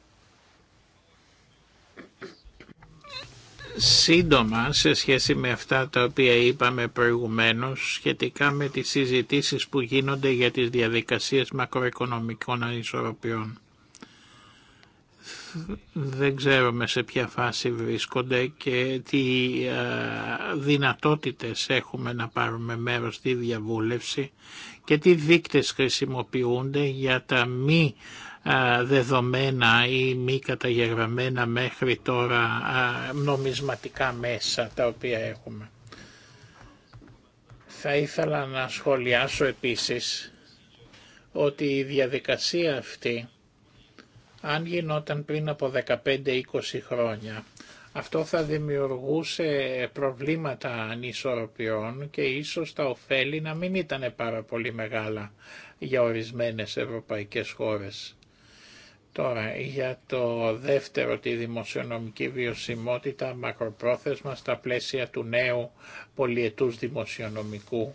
Σύντομα σε σχέση με αυτά τα οποία είπαμε προηγουμένως σχετικά με τις συζητήσεις που γίνονται για τις διαδικασίες μακροοικονομικών ανισορροπιών. Δεν ξέρουμε σε ποια φάση βρίσκονται και τι ε, δυνατότητες έχουμε να πάρουμε μέρος στη διαβούλευση και τι δείκτες χρησιμοποιούνται για τα μη δεδομένα ή μη καταγεγραμμένα μέχρι τώρα νομισματικά μέσα τα οποία έχουμε. Θα ήθελα να σχολιάσω επίσης ότι η διαδικασία αυτή αν γινόταν πριν από 15-20 χρόνια αυτό θα δημιουργούσε προβλήματα ανισορροπιών και ίσως τα ωφέλη να μην ήταν πάρα πολύ μεγάλα για ορισμένες ευρωπαϊκές χώρες. Τώρα, για το δεύτερο, τη δημοσιονομική βιωσιμότητα μακροπρόθεσμα στα πλαίσια του νέου πολιετούς δημοσιονομικού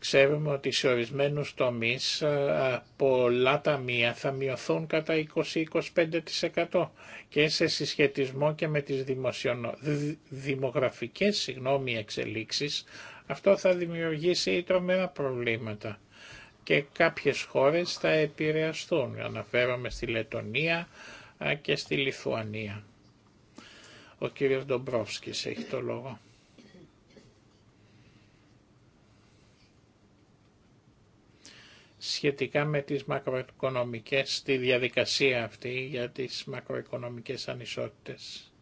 Ξέρουμε ότι σε ορισμένου τομεί πολλά ταμεία θα μειωθούν κατά 20-25% και σε συσχετισμό και με τις δημοσιονο... δημογραφικές συγγνώμη, εξελίξεις αυτό θα δημιουργήσει τρομερά προβλήματα και κάποιες χώρες θα επηρεαστούν. Αναφέρομαι στη Λετωνία και στη Λιθουανία. Ο κύριος Ντομπρόφσκης έχει το λόγο. σχετικά με τις μακροοικονομικές, τη διαδικασία αυτή για τις μακροοικονομικές ανισότητες.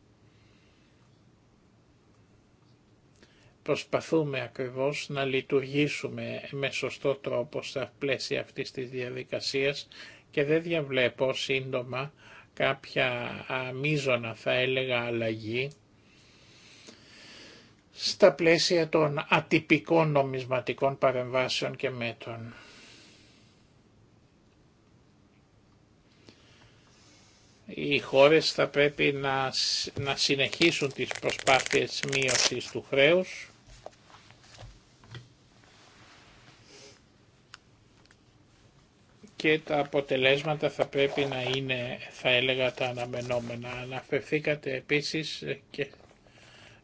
Προσπαθούμε ακριβώς να λειτουργήσουμε με σωστό τρόπο στα πλαίσια αυτής της διαδικασίας και δεν διαβλέπω σύντομα κάποια αμίζωνα θα έλεγα αλλαγή στα πλαίσια των ατυπικών νομισματικών παρεμβάσεων και μέτρων. οι χώρες θα πρέπει να, να συνεχίσουν τις προσπάθειες μείωσης του χρέους. και τα αποτελέσματα θα πρέπει να είναι, θα έλεγα, τα αναμενόμενα. Αναφερθήκατε επίσης και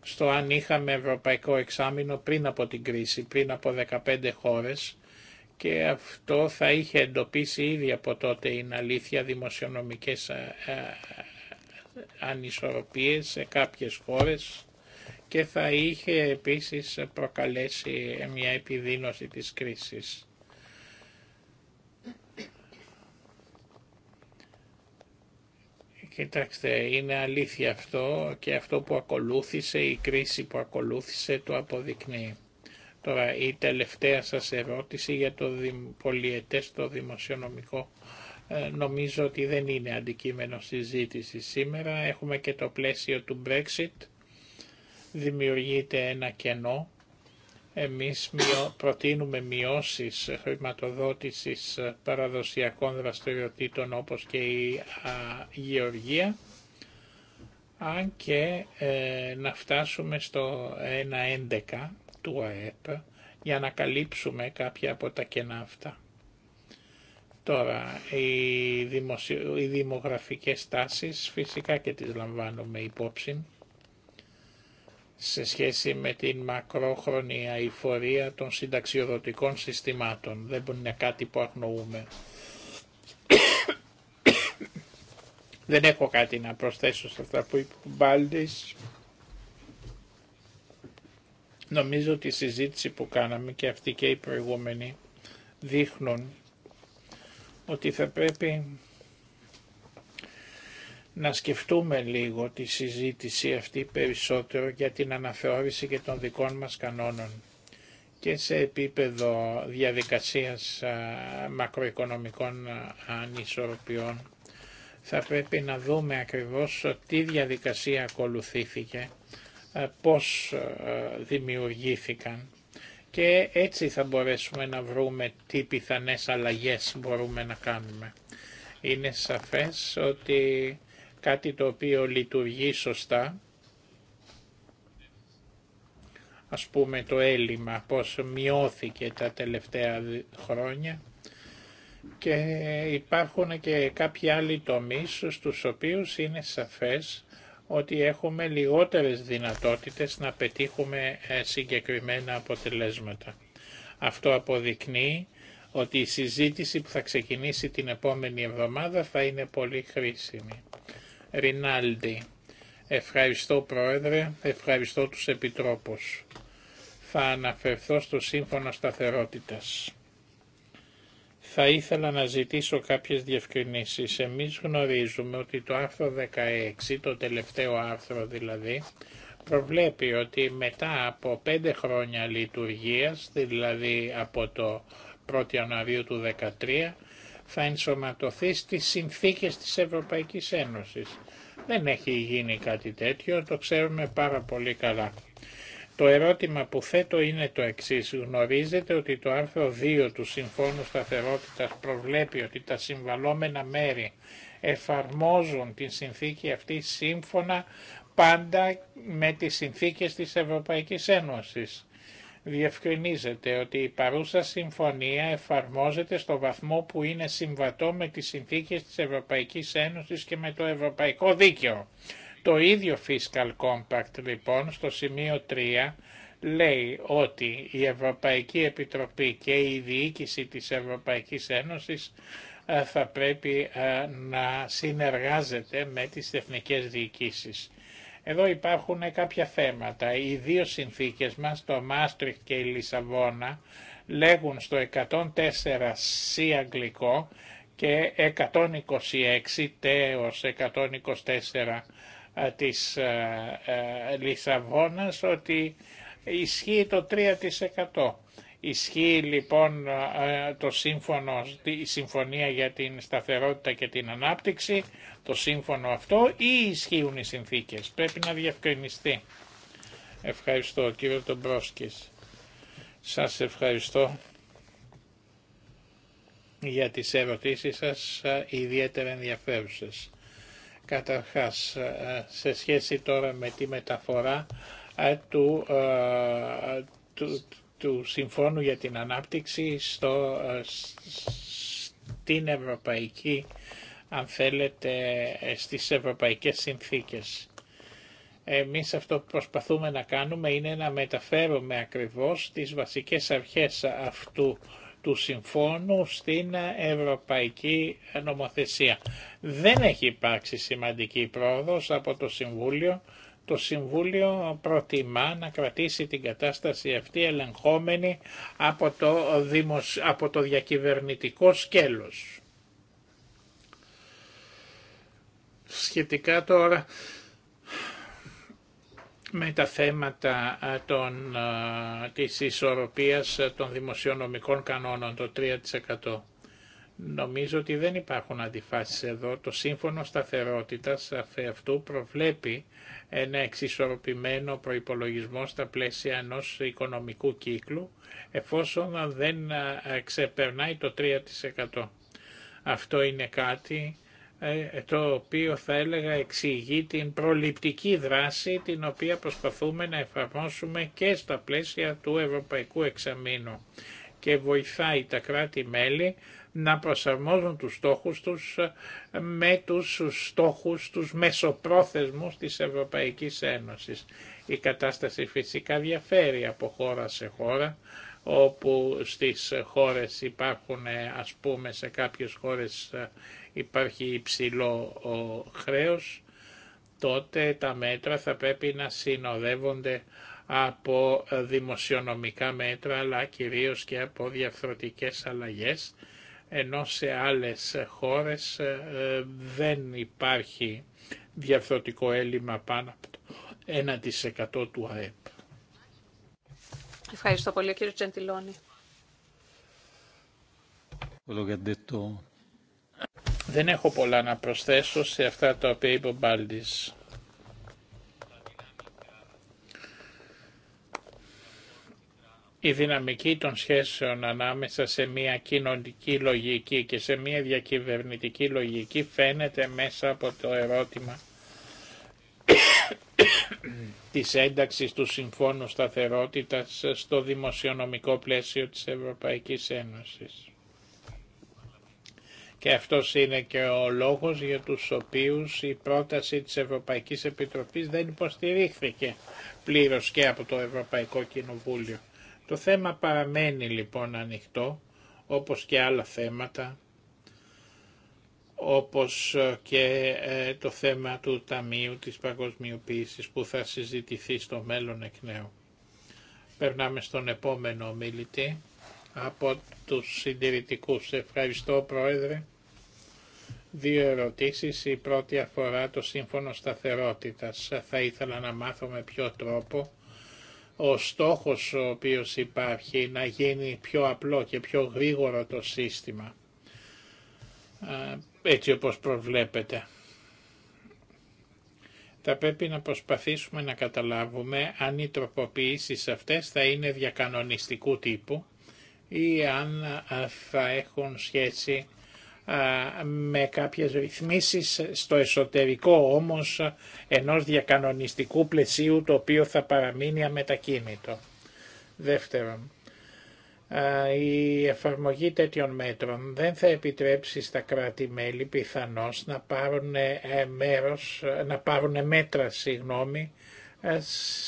στο αν είχαμε ευρωπαϊκό εξάμεινο πριν από την κρίση, πριν από 15 χώρες και αυτό θα είχε εντοπίσει ήδη από τότε είναι αλήθεια δημοσιονομικές ε, ε, ανισορροπίες σε κάποιες χώρες και θα είχε επίσης προκαλέσει μια επιδείνωση της κρίσης. Κοιτάξτε, είναι αλήθεια αυτό και αυτό που ακολούθησε, η κρίση που ακολούθησε το αποδεικνύει. Τώρα η τελευταία σας ερώτηση για το πολιετές το δημοσιονομικό ε, νομίζω ότι δεν είναι αντικείμενο συζήτηση σήμερα. Έχουμε και το πλαίσιο του Brexit. Δημιουργείται ένα κενό. Εμείς προτείνουμε μειώσεις χρηματοδότησης παραδοσιακών δραστηριοτήτων όπως και η γεωργία αν και ε, να φτάσουμε στο 1.11 του ΑΕΠ για να καλύψουμε κάποια από τα κενά αυτά. Τώρα, οι, δημοσιο... οι δημογραφικές τάσεις φυσικά και τις λαμβάνουμε υπόψη σε σχέση με την μακρόχρονη αηφορία των συνταξιοδοτικών συστημάτων. Δεν μπορεί να είναι κάτι που αγνοούμε. Δεν έχω κάτι να προσθέσω σε αυτά που είπε ο Μπάλτης. Νομίζω ότι η συζήτηση που κάναμε και αυτή και οι προηγούμενοι δείχνουν ότι θα πρέπει να σκεφτούμε λίγο τη συζήτηση αυτή περισσότερο για την αναθεώρηση και των δικών μας κανόνων και σε επίπεδο διαδικασίας μακροοικονομικών ανισορροπιών θα πρέπει να δούμε ακριβώς τι διαδικασία ακολουθήθηκε ε, πώς ε, δημιουργήθηκαν και έτσι θα μπορέσουμε να βρούμε τι πιθανές αλλαγές μπορούμε να κάνουμε. Είναι σαφές ότι κάτι το οποίο λειτουργεί σωστά, ας πούμε το έλλειμμα, πώς μειώθηκε τα τελευταία χρόνια, και υπάρχουν και κάποιοι άλλοι τομείς στους οποίους είναι σαφές ότι έχουμε λιγότερες δυνατότητες να πετύχουμε ε, συγκεκριμένα αποτελέσματα. Αυτό αποδεικνύει ότι η συζήτηση που θα ξεκινήσει την επόμενη εβδομάδα θα είναι πολύ χρήσιμη. Ρινάλντι, ευχαριστώ Πρόεδρε, ευχαριστώ τους Επιτρόπους. Θα αναφερθώ στο Σύμφωνο Σταθερότητας θα ήθελα να ζητήσω κάποιες διευκρινήσεις. Εμείς γνωρίζουμε ότι το άρθρο 16, το τελευταίο άρθρο δηλαδή, προβλέπει ότι μετά από πέντε χρόνια λειτουργίας, δηλαδή από το 1η Ιανουαρίου του 2013, θα ενσωματωθεί στις συνθήκες της Ευρωπαϊκής Ένωσης. Δεν έχει γίνει κάτι τέτοιο, το ξέρουμε πάρα πολύ καλά. Το ερώτημα που θέτω είναι το εξής. Γνωρίζετε ότι το άρθρο 2 του Συμφώνου Σταθερότητας προβλέπει ότι τα συμβαλόμενα μέρη εφαρμόζουν την συνθήκη αυτή σύμφωνα πάντα με τις συνθήκες της Ευρωπαϊκής Ένωσης. Διευκρινίζεται ότι η παρούσα συμφωνία εφαρμόζεται στο βαθμό που είναι συμβατό με τις συνθήκες της Ευρωπαϊκής Ένωσης και με το Ευρωπαϊκό Δίκαιο. Το ίδιο Fiscal Compact λοιπόν στο σημείο 3 λέει ότι η Ευρωπαϊκή Επιτροπή και η διοίκηση της Ευρωπαϊκής Ένωσης ε, θα πρέπει ε, να συνεργάζεται με τις εθνικές διοικήσεις. Εδώ υπάρχουν κάποια θέματα. Οι δύο συνθήκες μας, το Μάστριχτ και η Λισαβόνα, λέγουν στο 104C αγγλικό και 126 τέως 124 ε, της ε, ε, Λισαβόνας ότι ισχύει το 3%. Ισχύει λοιπόν το σύμφωνο, η συμφωνία για την σταθερότητα και την ανάπτυξη, το σύμφωνο αυτό ή ισχύουν οι συνθήκες. Πρέπει να διευκρινιστεί. Ευχαριστώ κύριε Τομπρόσκης. Σας ευχαριστώ για τις ερωτήσεις σας ιδιαίτερα ενδιαφέρουσες. Καταρχάς, ε, σε σχέση τώρα με τη μεταφορά ε, του, ε, του, του Συμφώνου για την Ανάπτυξη στο, στην Ευρωπαϊκή, αν θέλετε, στις Ευρωπαϊκές Συνθήκες. Εμείς αυτό που προσπαθούμε να κάνουμε είναι να μεταφέρουμε ακριβώς τις βασικές αρχές αυτού του συμφώνου στην ευρωπαϊκή νομοθεσία. Δεν έχει υπάρξει σημαντική πρόοδος από το Συμβούλιο. Το Συμβούλιο προτιμά να κρατήσει την κατάσταση αυτή ελεγχόμενη από το, από το διακυβερνητικό σκέλος. Σχετικά τώρα με τα θέματα των, της ισορροπίας των δημοσιονομικών κανόνων, το 3%. Νομίζω ότι δεν υπάρχουν αντιφάσεις εδώ. Το Σύμφωνο Σταθερότητας αυτού προβλέπει ένα εξισορροπημένο προϋπολογισμό στα πλαίσια ενός οικονομικού κύκλου, εφόσον δεν ξεπερνάει το 3%. Αυτό είναι κάτι ε, το οποίο θα έλεγα εξηγεί την προληπτική δράση την οποία προσπαθούμε να εφαρμόσουμε και στα πλαίσια του Ευρωπαϊκού Εξαμήνου και βοηθάει τα κράτη-μέλη να προσαρμόζουν τους στόχους τους ε, με τους στόχους τους μεσοπρόθεσμους της Ευρωπαϊκής Ένωσης. Η κατάσταση φυσικά διαφέρει από χώρα σε χώρα, όπου στις χώρες υπάρχουν ε, ας πούμε σε κάποιες χώρες υπάρχει υψηλό χρέος, τότε τα μέτρα θα πρέπει να συνοδεύονται από δημοσιονομικά μέτρα αλλά κυρίως και από διαφθορτικές αλλαγές ενώ σε άλλες χώρες ε, δεν υπάρχει διαφθορτικό έλλειμμα πάνω από το 1% του ΑΕΠ. Ευχαριστώ πολύ κύριε Τζεντιλόνι. Δεν έχω πολλά να προσθέσω σε αυτά τα οποία είπε ο Μπάλτης. Η δυναμική των σχέσεων ανάμεσα σε μια κοινωνική λογική και σε μια διακυβερνητική λογική φαίνεται μέσα από το ερώτημα της ένταξης του Συμφώνου Σταθερότητας στο δημοσιονομικό πλαίσιο της Ευρωπαϊκής Ένωσης. Και αυτός είναι και ο λόγος για τους οποίους η πρόταση της Ευρωπαϊκής Επιτροπής δεν υποστηρίχθηκε πλήρως και από το Ευρωπαϊκό Κοινοβούλιο. Το θέμα παραμένει λοιπόν ανοιχτό, όπως και άλλα θέματα, όπως και ε, το θέμα του Ταμείου της Παγκοσμιοποίησης που θα συζητηθεί στο μέλλον εκ νέου. Περνάμε στον επόμενο ομιλητή από τους συντηρητικούς. Ευχαριστώ Πρόεδρε. Δύο ερωτήσεις. Η πρώτη αφορά το σύμφωνο σταθερότητας. Θα ήθελα να μάθω με ποιο τρόπο ο στόχος ο οποίος υπάρχει να γίνει πιο απλό και πιο γρήγορο το σύστημα, έτσι όπως προβλέπετε. Θα πρέπει να προσπαθήσουμε να καταλάβουμε αν οι τροποποιήσεις αυτές θα είναι διακανονιστικού τύπου ή αν θα έχουν σχέση με κάποιες ρυθμίσεις στο εσωτερικό όμως ενός διακανονιστικού πλαισίου το οποίο θα παραμείνει αμετακίνητο. Δεύτερον, η εφαρμογή τέτοιων μέτρων δεν θα επιτρέψει στα κράτη-μέλη πιθανώς να πάρουν, ε, μέρος, να πάρουν μέτρα συγγνώμη, ε,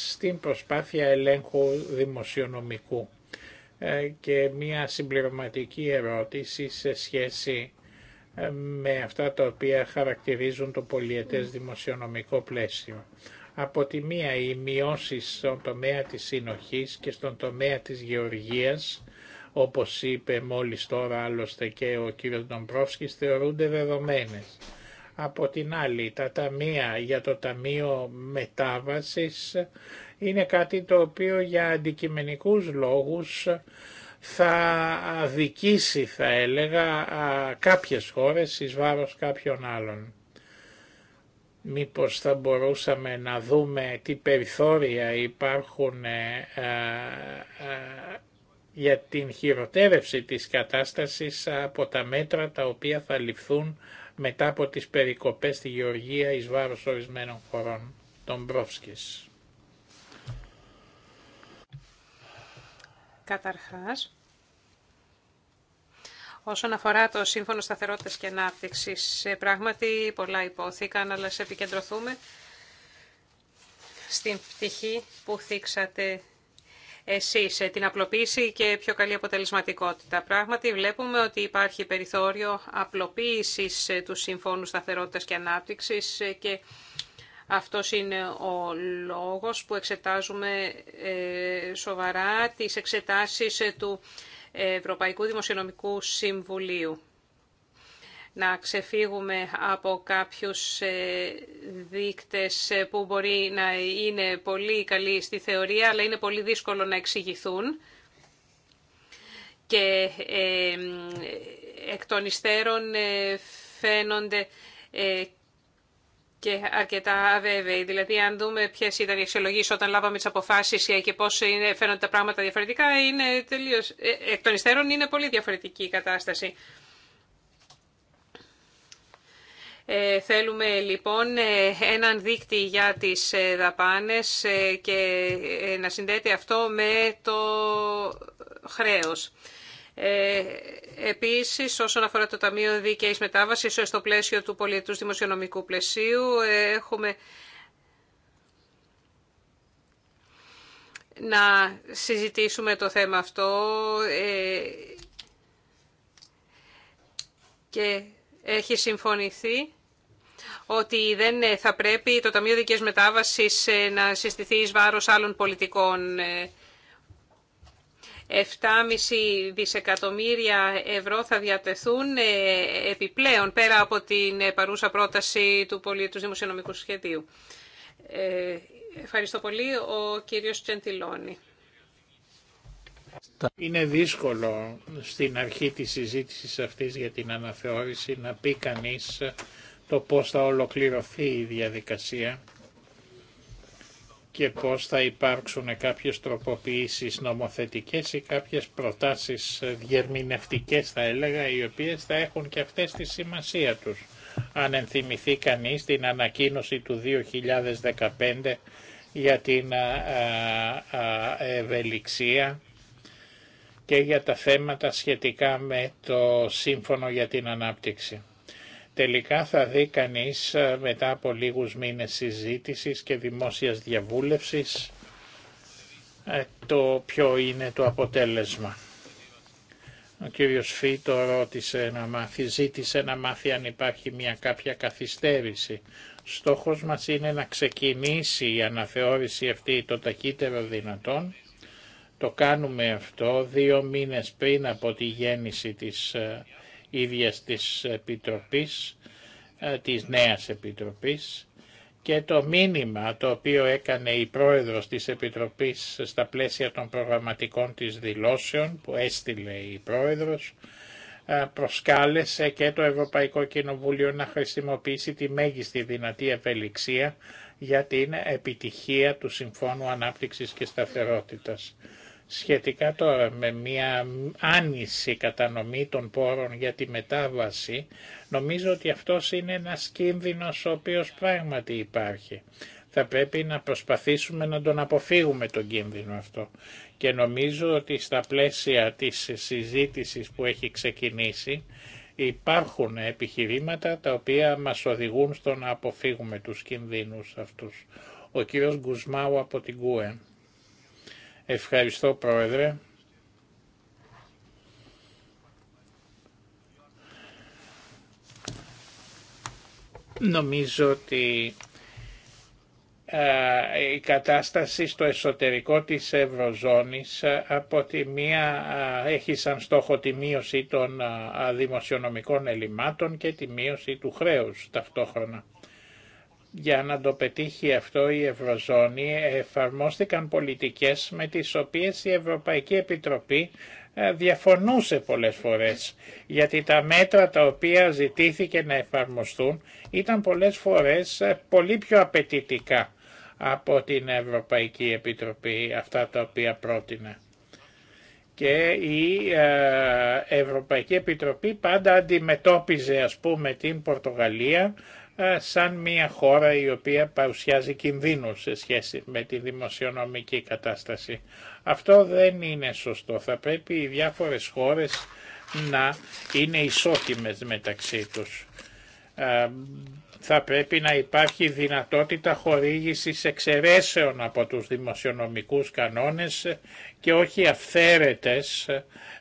στην προσπάθεια ελέγχου δημοσιονομικού. Ε, και μία συμπληρωματική ερώτηση σε σχέση ε, με αυτά τα οποία χαρακτηρίζουν το πολιετές δημοσιονομικό πλαίσιο. Από τη μία οι μειώσει στον τομέα της συνοχής και στον τομέα της γεωργίας, όπως είπε μόλις τώρα άλλωστε και ο κ. Ντομπρόφσκης, θεωρούνται δεδομένες. Από την άλλη τα ταμεία για το Ταμείο Μετάβασης είναι κάτι το οποίο για αντικειμενικούς λόγους θα αδικήσει, θα έλεγα κάποιες χώρες εις βάρος κάποιων άλλων. Μήπως θα μπορούσαμε να δούμε τι περιθώρια υπάρχουν ε, για την χειροτέρευση της κατάστασης από τα μέτρα τα οποία θα ληφθούν μετά από τις περικοπές στη Γεωργία εις βάρος ορισμένων χωρών, των Μπρόφσκης. Καταρχάς, όσον αφορά το Σύμφωνο Σταθερότητας και Ανάπτυξης, ε, πράγματι πολλά υπόθηκαν, αλλά σε επικεντρωθούμε στην πτυχή που θίξατε εσείς, ε, την απλοποίηση και πιο καλή αποτελεσματικότητα. Πράγματι βλέπουμε ότι υπάρχει περιθώριο απλοποίησης ε, του Συμφώνου Σταθερότητας και Ανάπτυξης και αυτός είναι ο λόγος που εξετάζουμε ε, σοβαρά τις εξετάσεις ε, του Ευρωπαϊκού Δημοσιονομικού Συμβουλίου. Να ξεφύγουμε από κάποιους ε, δείκτες που μπορεί να είναι πολύ καλοί στη θεωρία, αλλά είναι πολύ δύσκολο να εξηγηθούν. Και εκ των υστέρων φαίνονται και αρκετά αβέβαιοι. Δηλαδή, αν δούμε ποιε ήταν οι αξιολογήσει όταν λάβαμε τι αποφάσει και πώ φαίνονται τα πράγματα διαφορετικά, είναι τελείω ε, εκ των υστέρων είναι πολύ διαφορετική η κατάσταση. Ε, θέλουμε λοιπόν ε, έναν δείκτη για τις δαπάνες και να συνδέεται αυτό με το χρέος. Ε, Επίση, όσον αφορά το Ταμείο Δίκαιη Μετάβασης, στο πλαίσιο του πολιτικού δημοσιονομικού πλαισίου, ε, έχουμε να συζητήσουμε το θέμα αυτό ε, και έχει συμφωνηθεί ότι δεν θα πρέπει το Ταμείο Δικές Μετάβασης να συστηθεί εις βάρος άλλων πολιτικών 7,5 δισεκατομμύρια ευρώ θα διατεθούν ε, επιπλέον πέρα από την ε, παρούσα πρόταση του πολίτου δημοσιονομικού σχεδίου. Ε, ευχαριστώ πολύ. Ο κύριος Τσεντιλόνη. Είναι δύσκολο στην αρχή της συζήτησης αυτής για την αναθεώρηση να πει κανείς το πώς θα ολοκληρωθεί η διαδικασία και πώς θα υπάρξουν κάποιες τροποποιήσεις νομοθετικές ή κάποιες προτάσεις διερμηνευτικές θα έλεγα, οι οποίες θα έχουν και αυτές τη σημασία τους. Αν ενθυμηθεί κανείς την ανακοίνωση του 2015 για την ευελιξία και για τα θέματα σχετικά με το Σύμφωνο για την Ανάπτυξη. Τελικά θα δει κανείς ε, μετά από λίγους μήνες συζήτησης και δημόσιας διαβούλευσης ε, το ποιο είναι το αποτέλεσμα. Ο κύριος Φίτο ρώτησε να μάθει, ζήτησε να μάθει αν υπάρχει μια κάποια καθυστέρηση. Στόχος μας είναι να ξεκινήσει η αναθεώρηση αυτή το ταχύτερο δυνατόν. Το κάνουμε αυτό δύο μήνες πριν από τη γέννηση της ε, ίδιας της Επιτροπής, ε, της νέας Επιτροπής και το μήνυμα το οποίο έκανε η πρόεδρος της Επιτροπής στα πλαίσια των προγραμματικών της δηλώσεων που έστειλε η πρόεδρος ε, προσκάλεσε και το Ευρωπαϊκό Κοινοβούλιο να χρησιμοποιήσει τη μέγιστη δυνατή ευελιξία για την επιτυχία του Συμφώνου Ανάπτυξης και Σταθερότητας. Σχετικά τώρα με μια άνηση κατανομή των πόρων για τη μετάβαση, νομίζω ότι αυτός είναι ένας κίνδυνος ο οποίος πράγματι υπάρχει. Θα πρέπει να προσπαθήσουμε να τον αποφύγουμε τον κίνδυνο αυτό. Και νομίζω ότι στα πλαίσια της συζήτησης που έχει ξεκινήσει υπάρχουν επιχειρήματα τα οποία μας οδηγούν στο να αποφύγουμε τους κινδύνους αυτούς. Ο κύριος Γκουσμάου από την Ευχαριστώ Πρόεδρε. Νομίζω ότι η κατάσταση στο εσωτερικό της Ευρωζώνης από τη μία έχει σαν στόχο τη μείωση των δημοσιονομικών ελλημάτων και τη μείωση του χρέους ταυτόχρονα. Για να το πετύχει αυτό η Ευρωζώνη εφαρμόστηκαν πολιτικές με τις οποίες η Ευρωπαϊκή Επιτροπή ε, διαφωνούσε πολλές φορές, γιατί τα μέτρα τα οποία ζητήθηκε να εφαρμοστούν ήταν πολλές φορές ε, πολύ πιο απαιτητικά από την Ευρωπαϊκή Επιτροπή αυτά τα οποία πρότεινε. Και η ε, Ευρωπαϊκή Επιτροπή πάντα αντιμετώπιζε ας πούμε την Πορτογαλία ε, σαν μια χώρα η οποία παρουσιάζει κινδύνους σε σχέση με τη δημοσιονομική κατάσταση. Αυτό δεν είναι σωστό. Θα πρέπει οι διάφορες χώρες να είναι ισότιμες μεταξύ τους. Ε, θα πρέπει να υπάρχει δυνατότητα χορήγησης εξαιρέσεων από τους δημοσιονομικούς κανόνες και όχι αυθαίρετες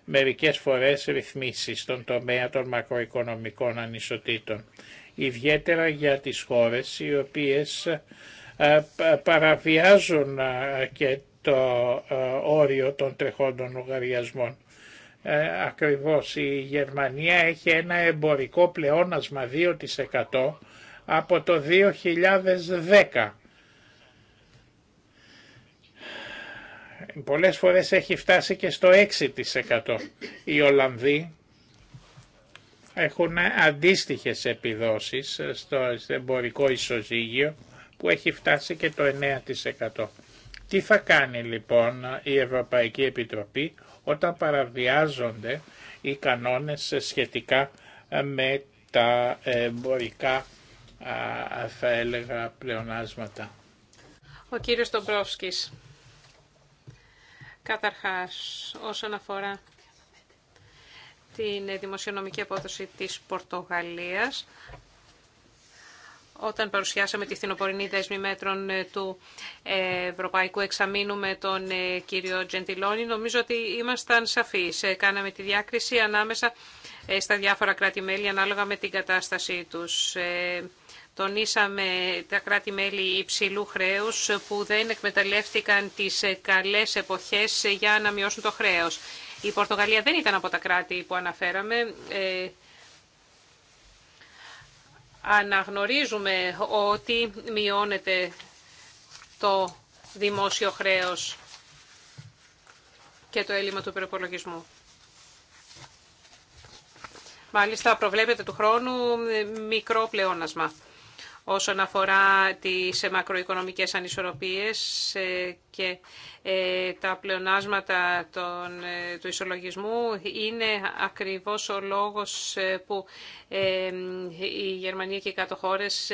μερικές φορές ρυθμίσεις στον τομέα των μακροοικονομικών ανισοτήτων ιδιαίτερα για τις χώρες οι οποίες ε, παραβιάζουν ε, και το ε, όριο των τρεχόντων λογαριασμών. Ακριβώς η Γερμανία έχει ένα εμπορικό πλεόνασμα 2% από το 2010. Πολλές φορές έχει φτάσει και στο 6%. Οι Ολλανδοί έχουν αντίστοιχες επιδόσεις στο εμπορικό ισοζύγιο που έχει φτάσει και το 9%. Τι θα κάνει λοιπόν η Ευρωπαϊκή Επιτροπή όταν παραβιάζονται οι κανόνες σχετικά με τα εμπορικά θα έλεγα πλεονάσματα. Ο κύριος Ντομπρόφσκης. Καταρχάς, όσον αφορά την δημοσιονομική απόδοση της Πορτογαλίας όταν παρουσιάσαμε τη φθινοπορεινή δέσμη μέτρων ε, του ε, Ευρωπαϊκού Εξαμήνου με τον ε, κύριο Τζεντιλόνι, νομίζω ότι ήμασταν σαφείς. Κάναμε τη διάκριση ανάμεσα στα διάφορα κράτη-μέλη ανάλογα με την κατάστασή τους. Τονίσαμε τα κράτη-μέλη υψηλού χρέους που δεν εκμεταλλεύτηκαν τις καλές εποχές για να μειώσουν το χρέος. Η Πορτογαλία δεν ήταν από τα κράτη που αναφέραμε. Ε, αναγνωρίζουμε ότι μειώνεται το δημόσιο χρέος και το έλλειμμα του προπολογισμού. Μάλιστα προβλέπεται του χρόνου μικρό πλεόνασμα όσον αφορά τις ε, μακροοικονομικές ανισορροπίες ε, και ε, τα πλεονάσματα των, του ισολογισμού είναι ακριβώς ο λόγος που η Γερμανία και οι κάτω χώρες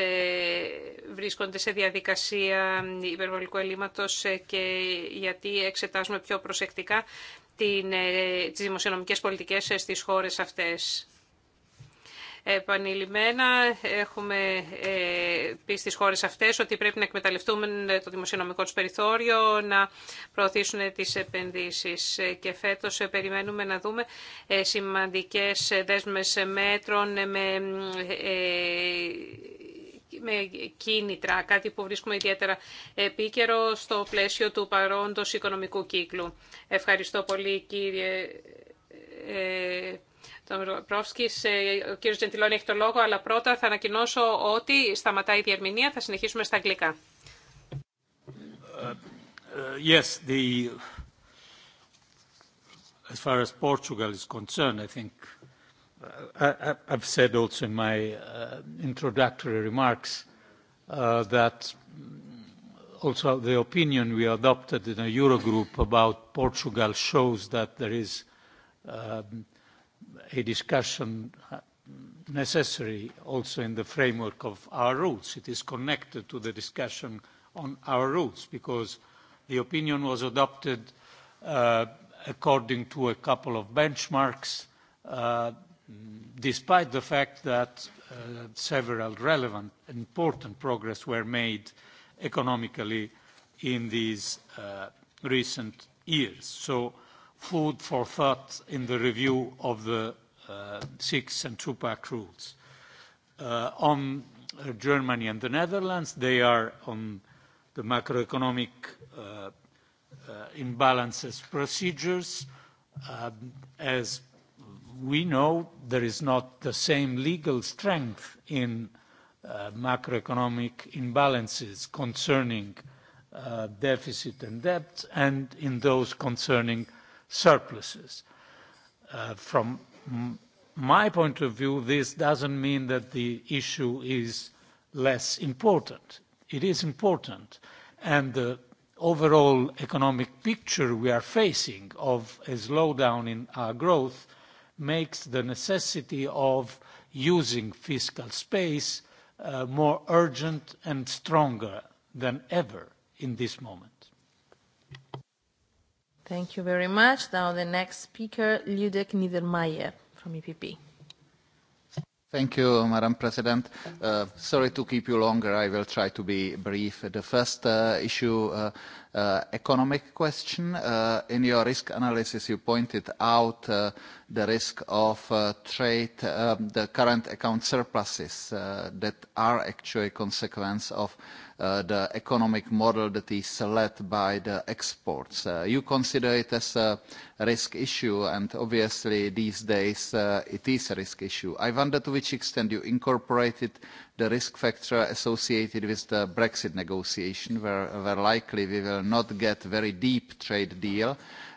βρίσκονται σε διαδικασία υπερβολικού ελλείμματος και γιατί εξετάζουμε πιο προσεκτικά την, τις δημοσιονομικές πολιτικές στις χώρες αυτές. Επανειλημμένα έχουμε ε, πει στις χώρες αυτές ότι πρέπει να εκμεταλλευτούμε ε, το δημοσιονομικό τους περιθώριο, να προωθήσουν ε, τις επενδύσεις. Και φέτος περιμένουμε να δούμε σημαντικές δέσμες μέτρων με, με κίνητρα, κάτι που βρίσκουμε ιδιαίτερα επίκαιρο στο πλαίσιο του παρόντος οικονομικού κύκλου. Ευχαριστώ πολύ κύριε τον Ο κύριος Τζεντιλόνι έχει το λόγο, αλλά πρώτα θα ανακοινώσω ότι σταματάει η διερμηνία. Θα συνεχίσουμε στα αγγλικά. Uh, yes, the... As far as Portugal is concerned, I think I, I've said also in my uh, introductory remarks uh, that also the opinion we adopted in a Eurogroup about Portugal shows that there is uh, a discussion necessary also in the framework of our rules. It is connected to the discussion on our rules because the opinion was adopted according to a couple of benchmarks despite the fact that several relevant important progress were made economically in these recent years. So food for thought in the review of the six and two-pack rules. On Germany and the Netherlands, they are on the macroeconomic imbalances procedures. As we know, there is not the same legal strength in macroeconomic imbalances concerning deficit and debt and in those concerning surpluses. From my point of view, this doesn't mean that the issue is less important. It is important. And the overall economic picture we are facing of a slowdown in our growth makes the necessity of using fiscal space more urgent and stronger than ever in this moment. Thank you very much. Now the next speaker, Ludek Niedermayer from EPP. Thank you, Madam President. Sorry to keep you longer. I will try to be brief. The first issue economic question. In your risk analysis, you pointed out the risk of trade, the current account surpluses that are actually a consequence of the economic model that is led by the exports. You consider it as a risk issue, and obviously these days it is a risk issue. I wonder to which extent you incorporated the risk factor associated with the Brexit negotiation, where likely we will not get a very deep trade deal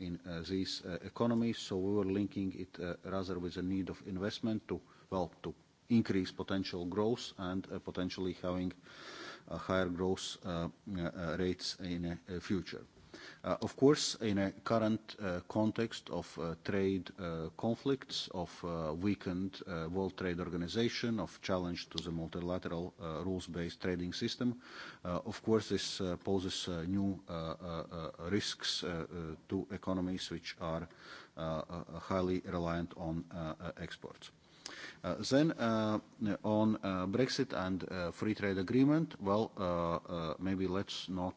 in these economies. So we were linking it rather with the need of investment to, well, to increase potential growth and potentially having higher growth rates in the future. Of course, in a current context of trade conflicts, of weakened World Trade Organization, of challenge to the multilateral rules-based trading system, of course, this poses new risks to economies which are highly reliant on exports. Then on Brexit and free trade agreement, well, maybe let's not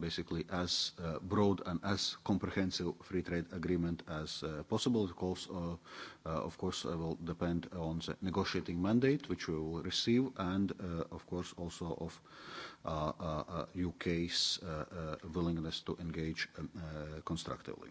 basically as broad and as comprehensive free trade agreement as possible. Of course, of course, will depend on the negotiating mandate which we will receive, and of course also of UK's willingness to engage constructively.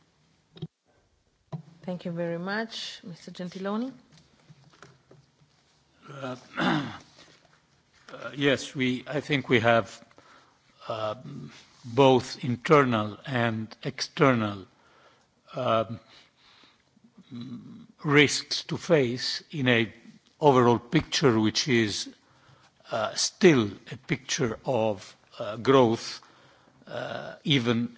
Thank you very much. Mr. Gentiloni? Yes, we I think we have both internal and external risks to face in a overall picture which is still a picture of growth even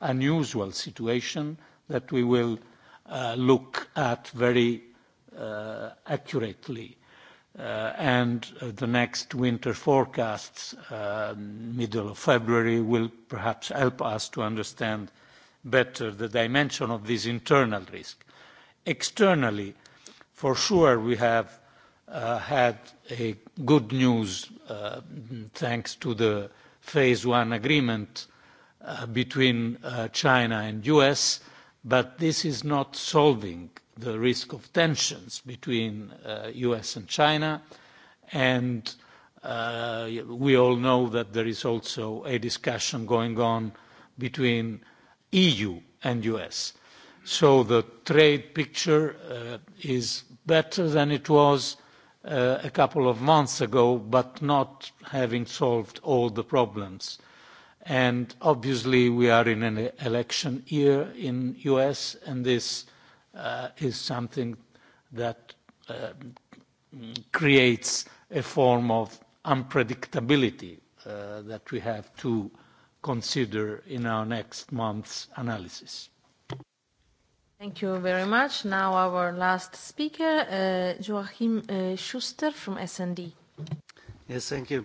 unusual situation that we will look at very accurately. And the next winter forecasts, middle of February, will perhaps help us to understand better the dimension of this internal risk. Externally, for sure, we have had good news thanks to the Phase One agreement between China and US, but this is not solving the risk of tensions between US and China, and we all know that there is also a discussion going on between EU and US. So the trade picture is better than it was a couple of months ago, but not having solved all the problems and obviously we are in an election year in US and this is something that creates a form of unpredictability that we have to consider in our next month's analysis. Thank you very much. Now our last speaker, Joachim Schuster from SND. Yes, thank you.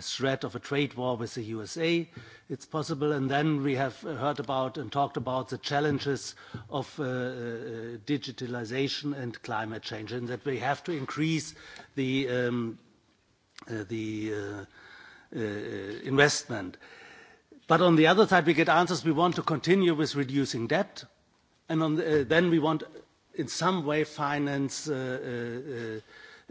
threat of a trade war with the USA. It's possible. And then we have heard about and talked about the challenges of digitalization and climate change, and that we have to increase the investment. But on the other side, we get answers. We want to continue with reducing debt, and then we want in some way finance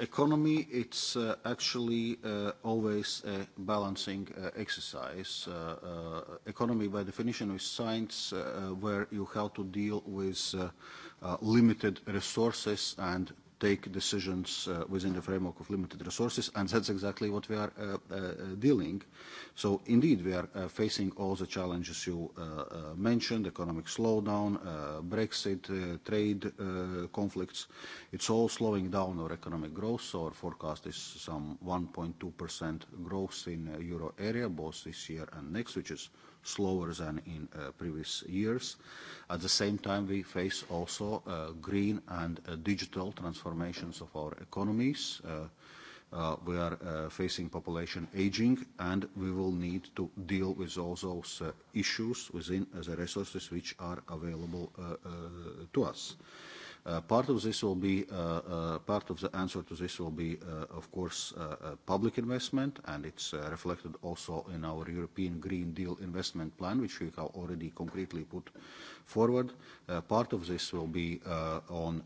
economy, it's actually always a balancing exercise. Economy, by definition, is science where you have to deal with limited resources and take decisions within the framework of limited resources, and that's exactly what we are dealing. So, indeed, we are facing all the challenges you mentioned, economic slowdown, Brexit, trade conflicts. It's all slowing down our economic growth, so our forecast is some 1.2% growth in euro area, both this year and next, which is slower than in previous years. At the same time, we face also green and digital transformation transformations of our economies. We are facing population aging, and we will need to deal with all those issues within the resources which are available to us. Part of this will be, part of the answer to this will be, of course, public investment, and it's reflected also in our European Green Deal investment plan, which we have already concretely put forward. Part of this will be on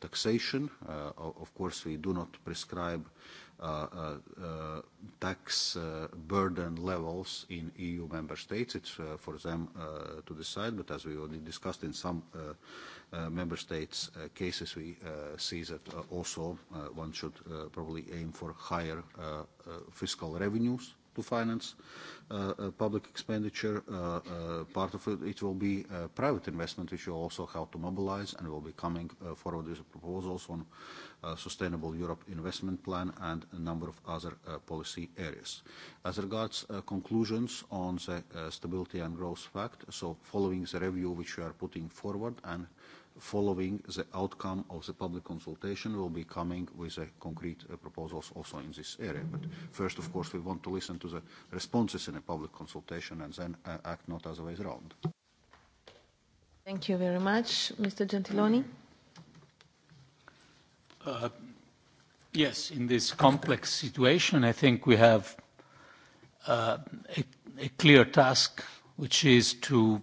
taxation. Of course, we do not prescribe tax burden levels in EU member states. It's for them to decide, but as we already discussed in some member states cases, we see that also one should probably aim for higher fiscal revenues to finance public expenditure. Part of it, it will be private investment, which will also help to mobilize and will be coming forward with proposals on Sustainable Europe Investment Plan and a number of other policy areas. As regards conclusions on the Stability and Growth Pact, so following the review which we are putting forward and following the outcome of the public consultation, will be coming with concrete proposals also in this area. But first, of course, we want to listen to the responses in a public consultation and then act not otherwise way around. Thank you very much. Mr. Gentiloni? Yes, in this complex situation, I think we have a clear task, which is to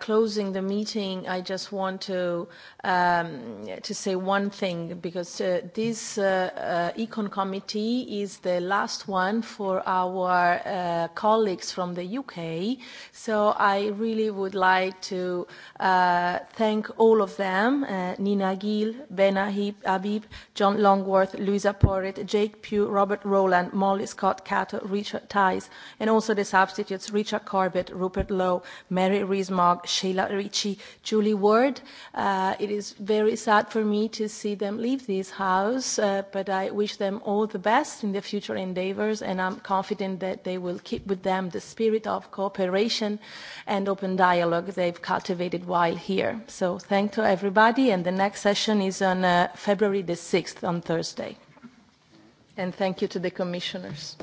closing the meeting, I just want to to say one thing because this Econ Committee is the last one for our colleagues from the UK. So I really would like to thank all of them: Nina Gill, Ben Abib, John Longworth, Louisa Porritt, Jake Pugh, Robert Rowland, Molly Scott Cato, Richard Tice, and also the substitutes Richard Corbett, Rupert Lowe, Mary Riesman Sheila Ricci, Julie Ward. It is very sad for me to see them leave this house, but I wish them all the best in their future endeavors and I'm confident that they will keep with them the spirit of cooperation and open dialogue they've cultivated while here. So thank to everybody, and the next session is on February the 6th, on Thursday. And thank you to the commissioners.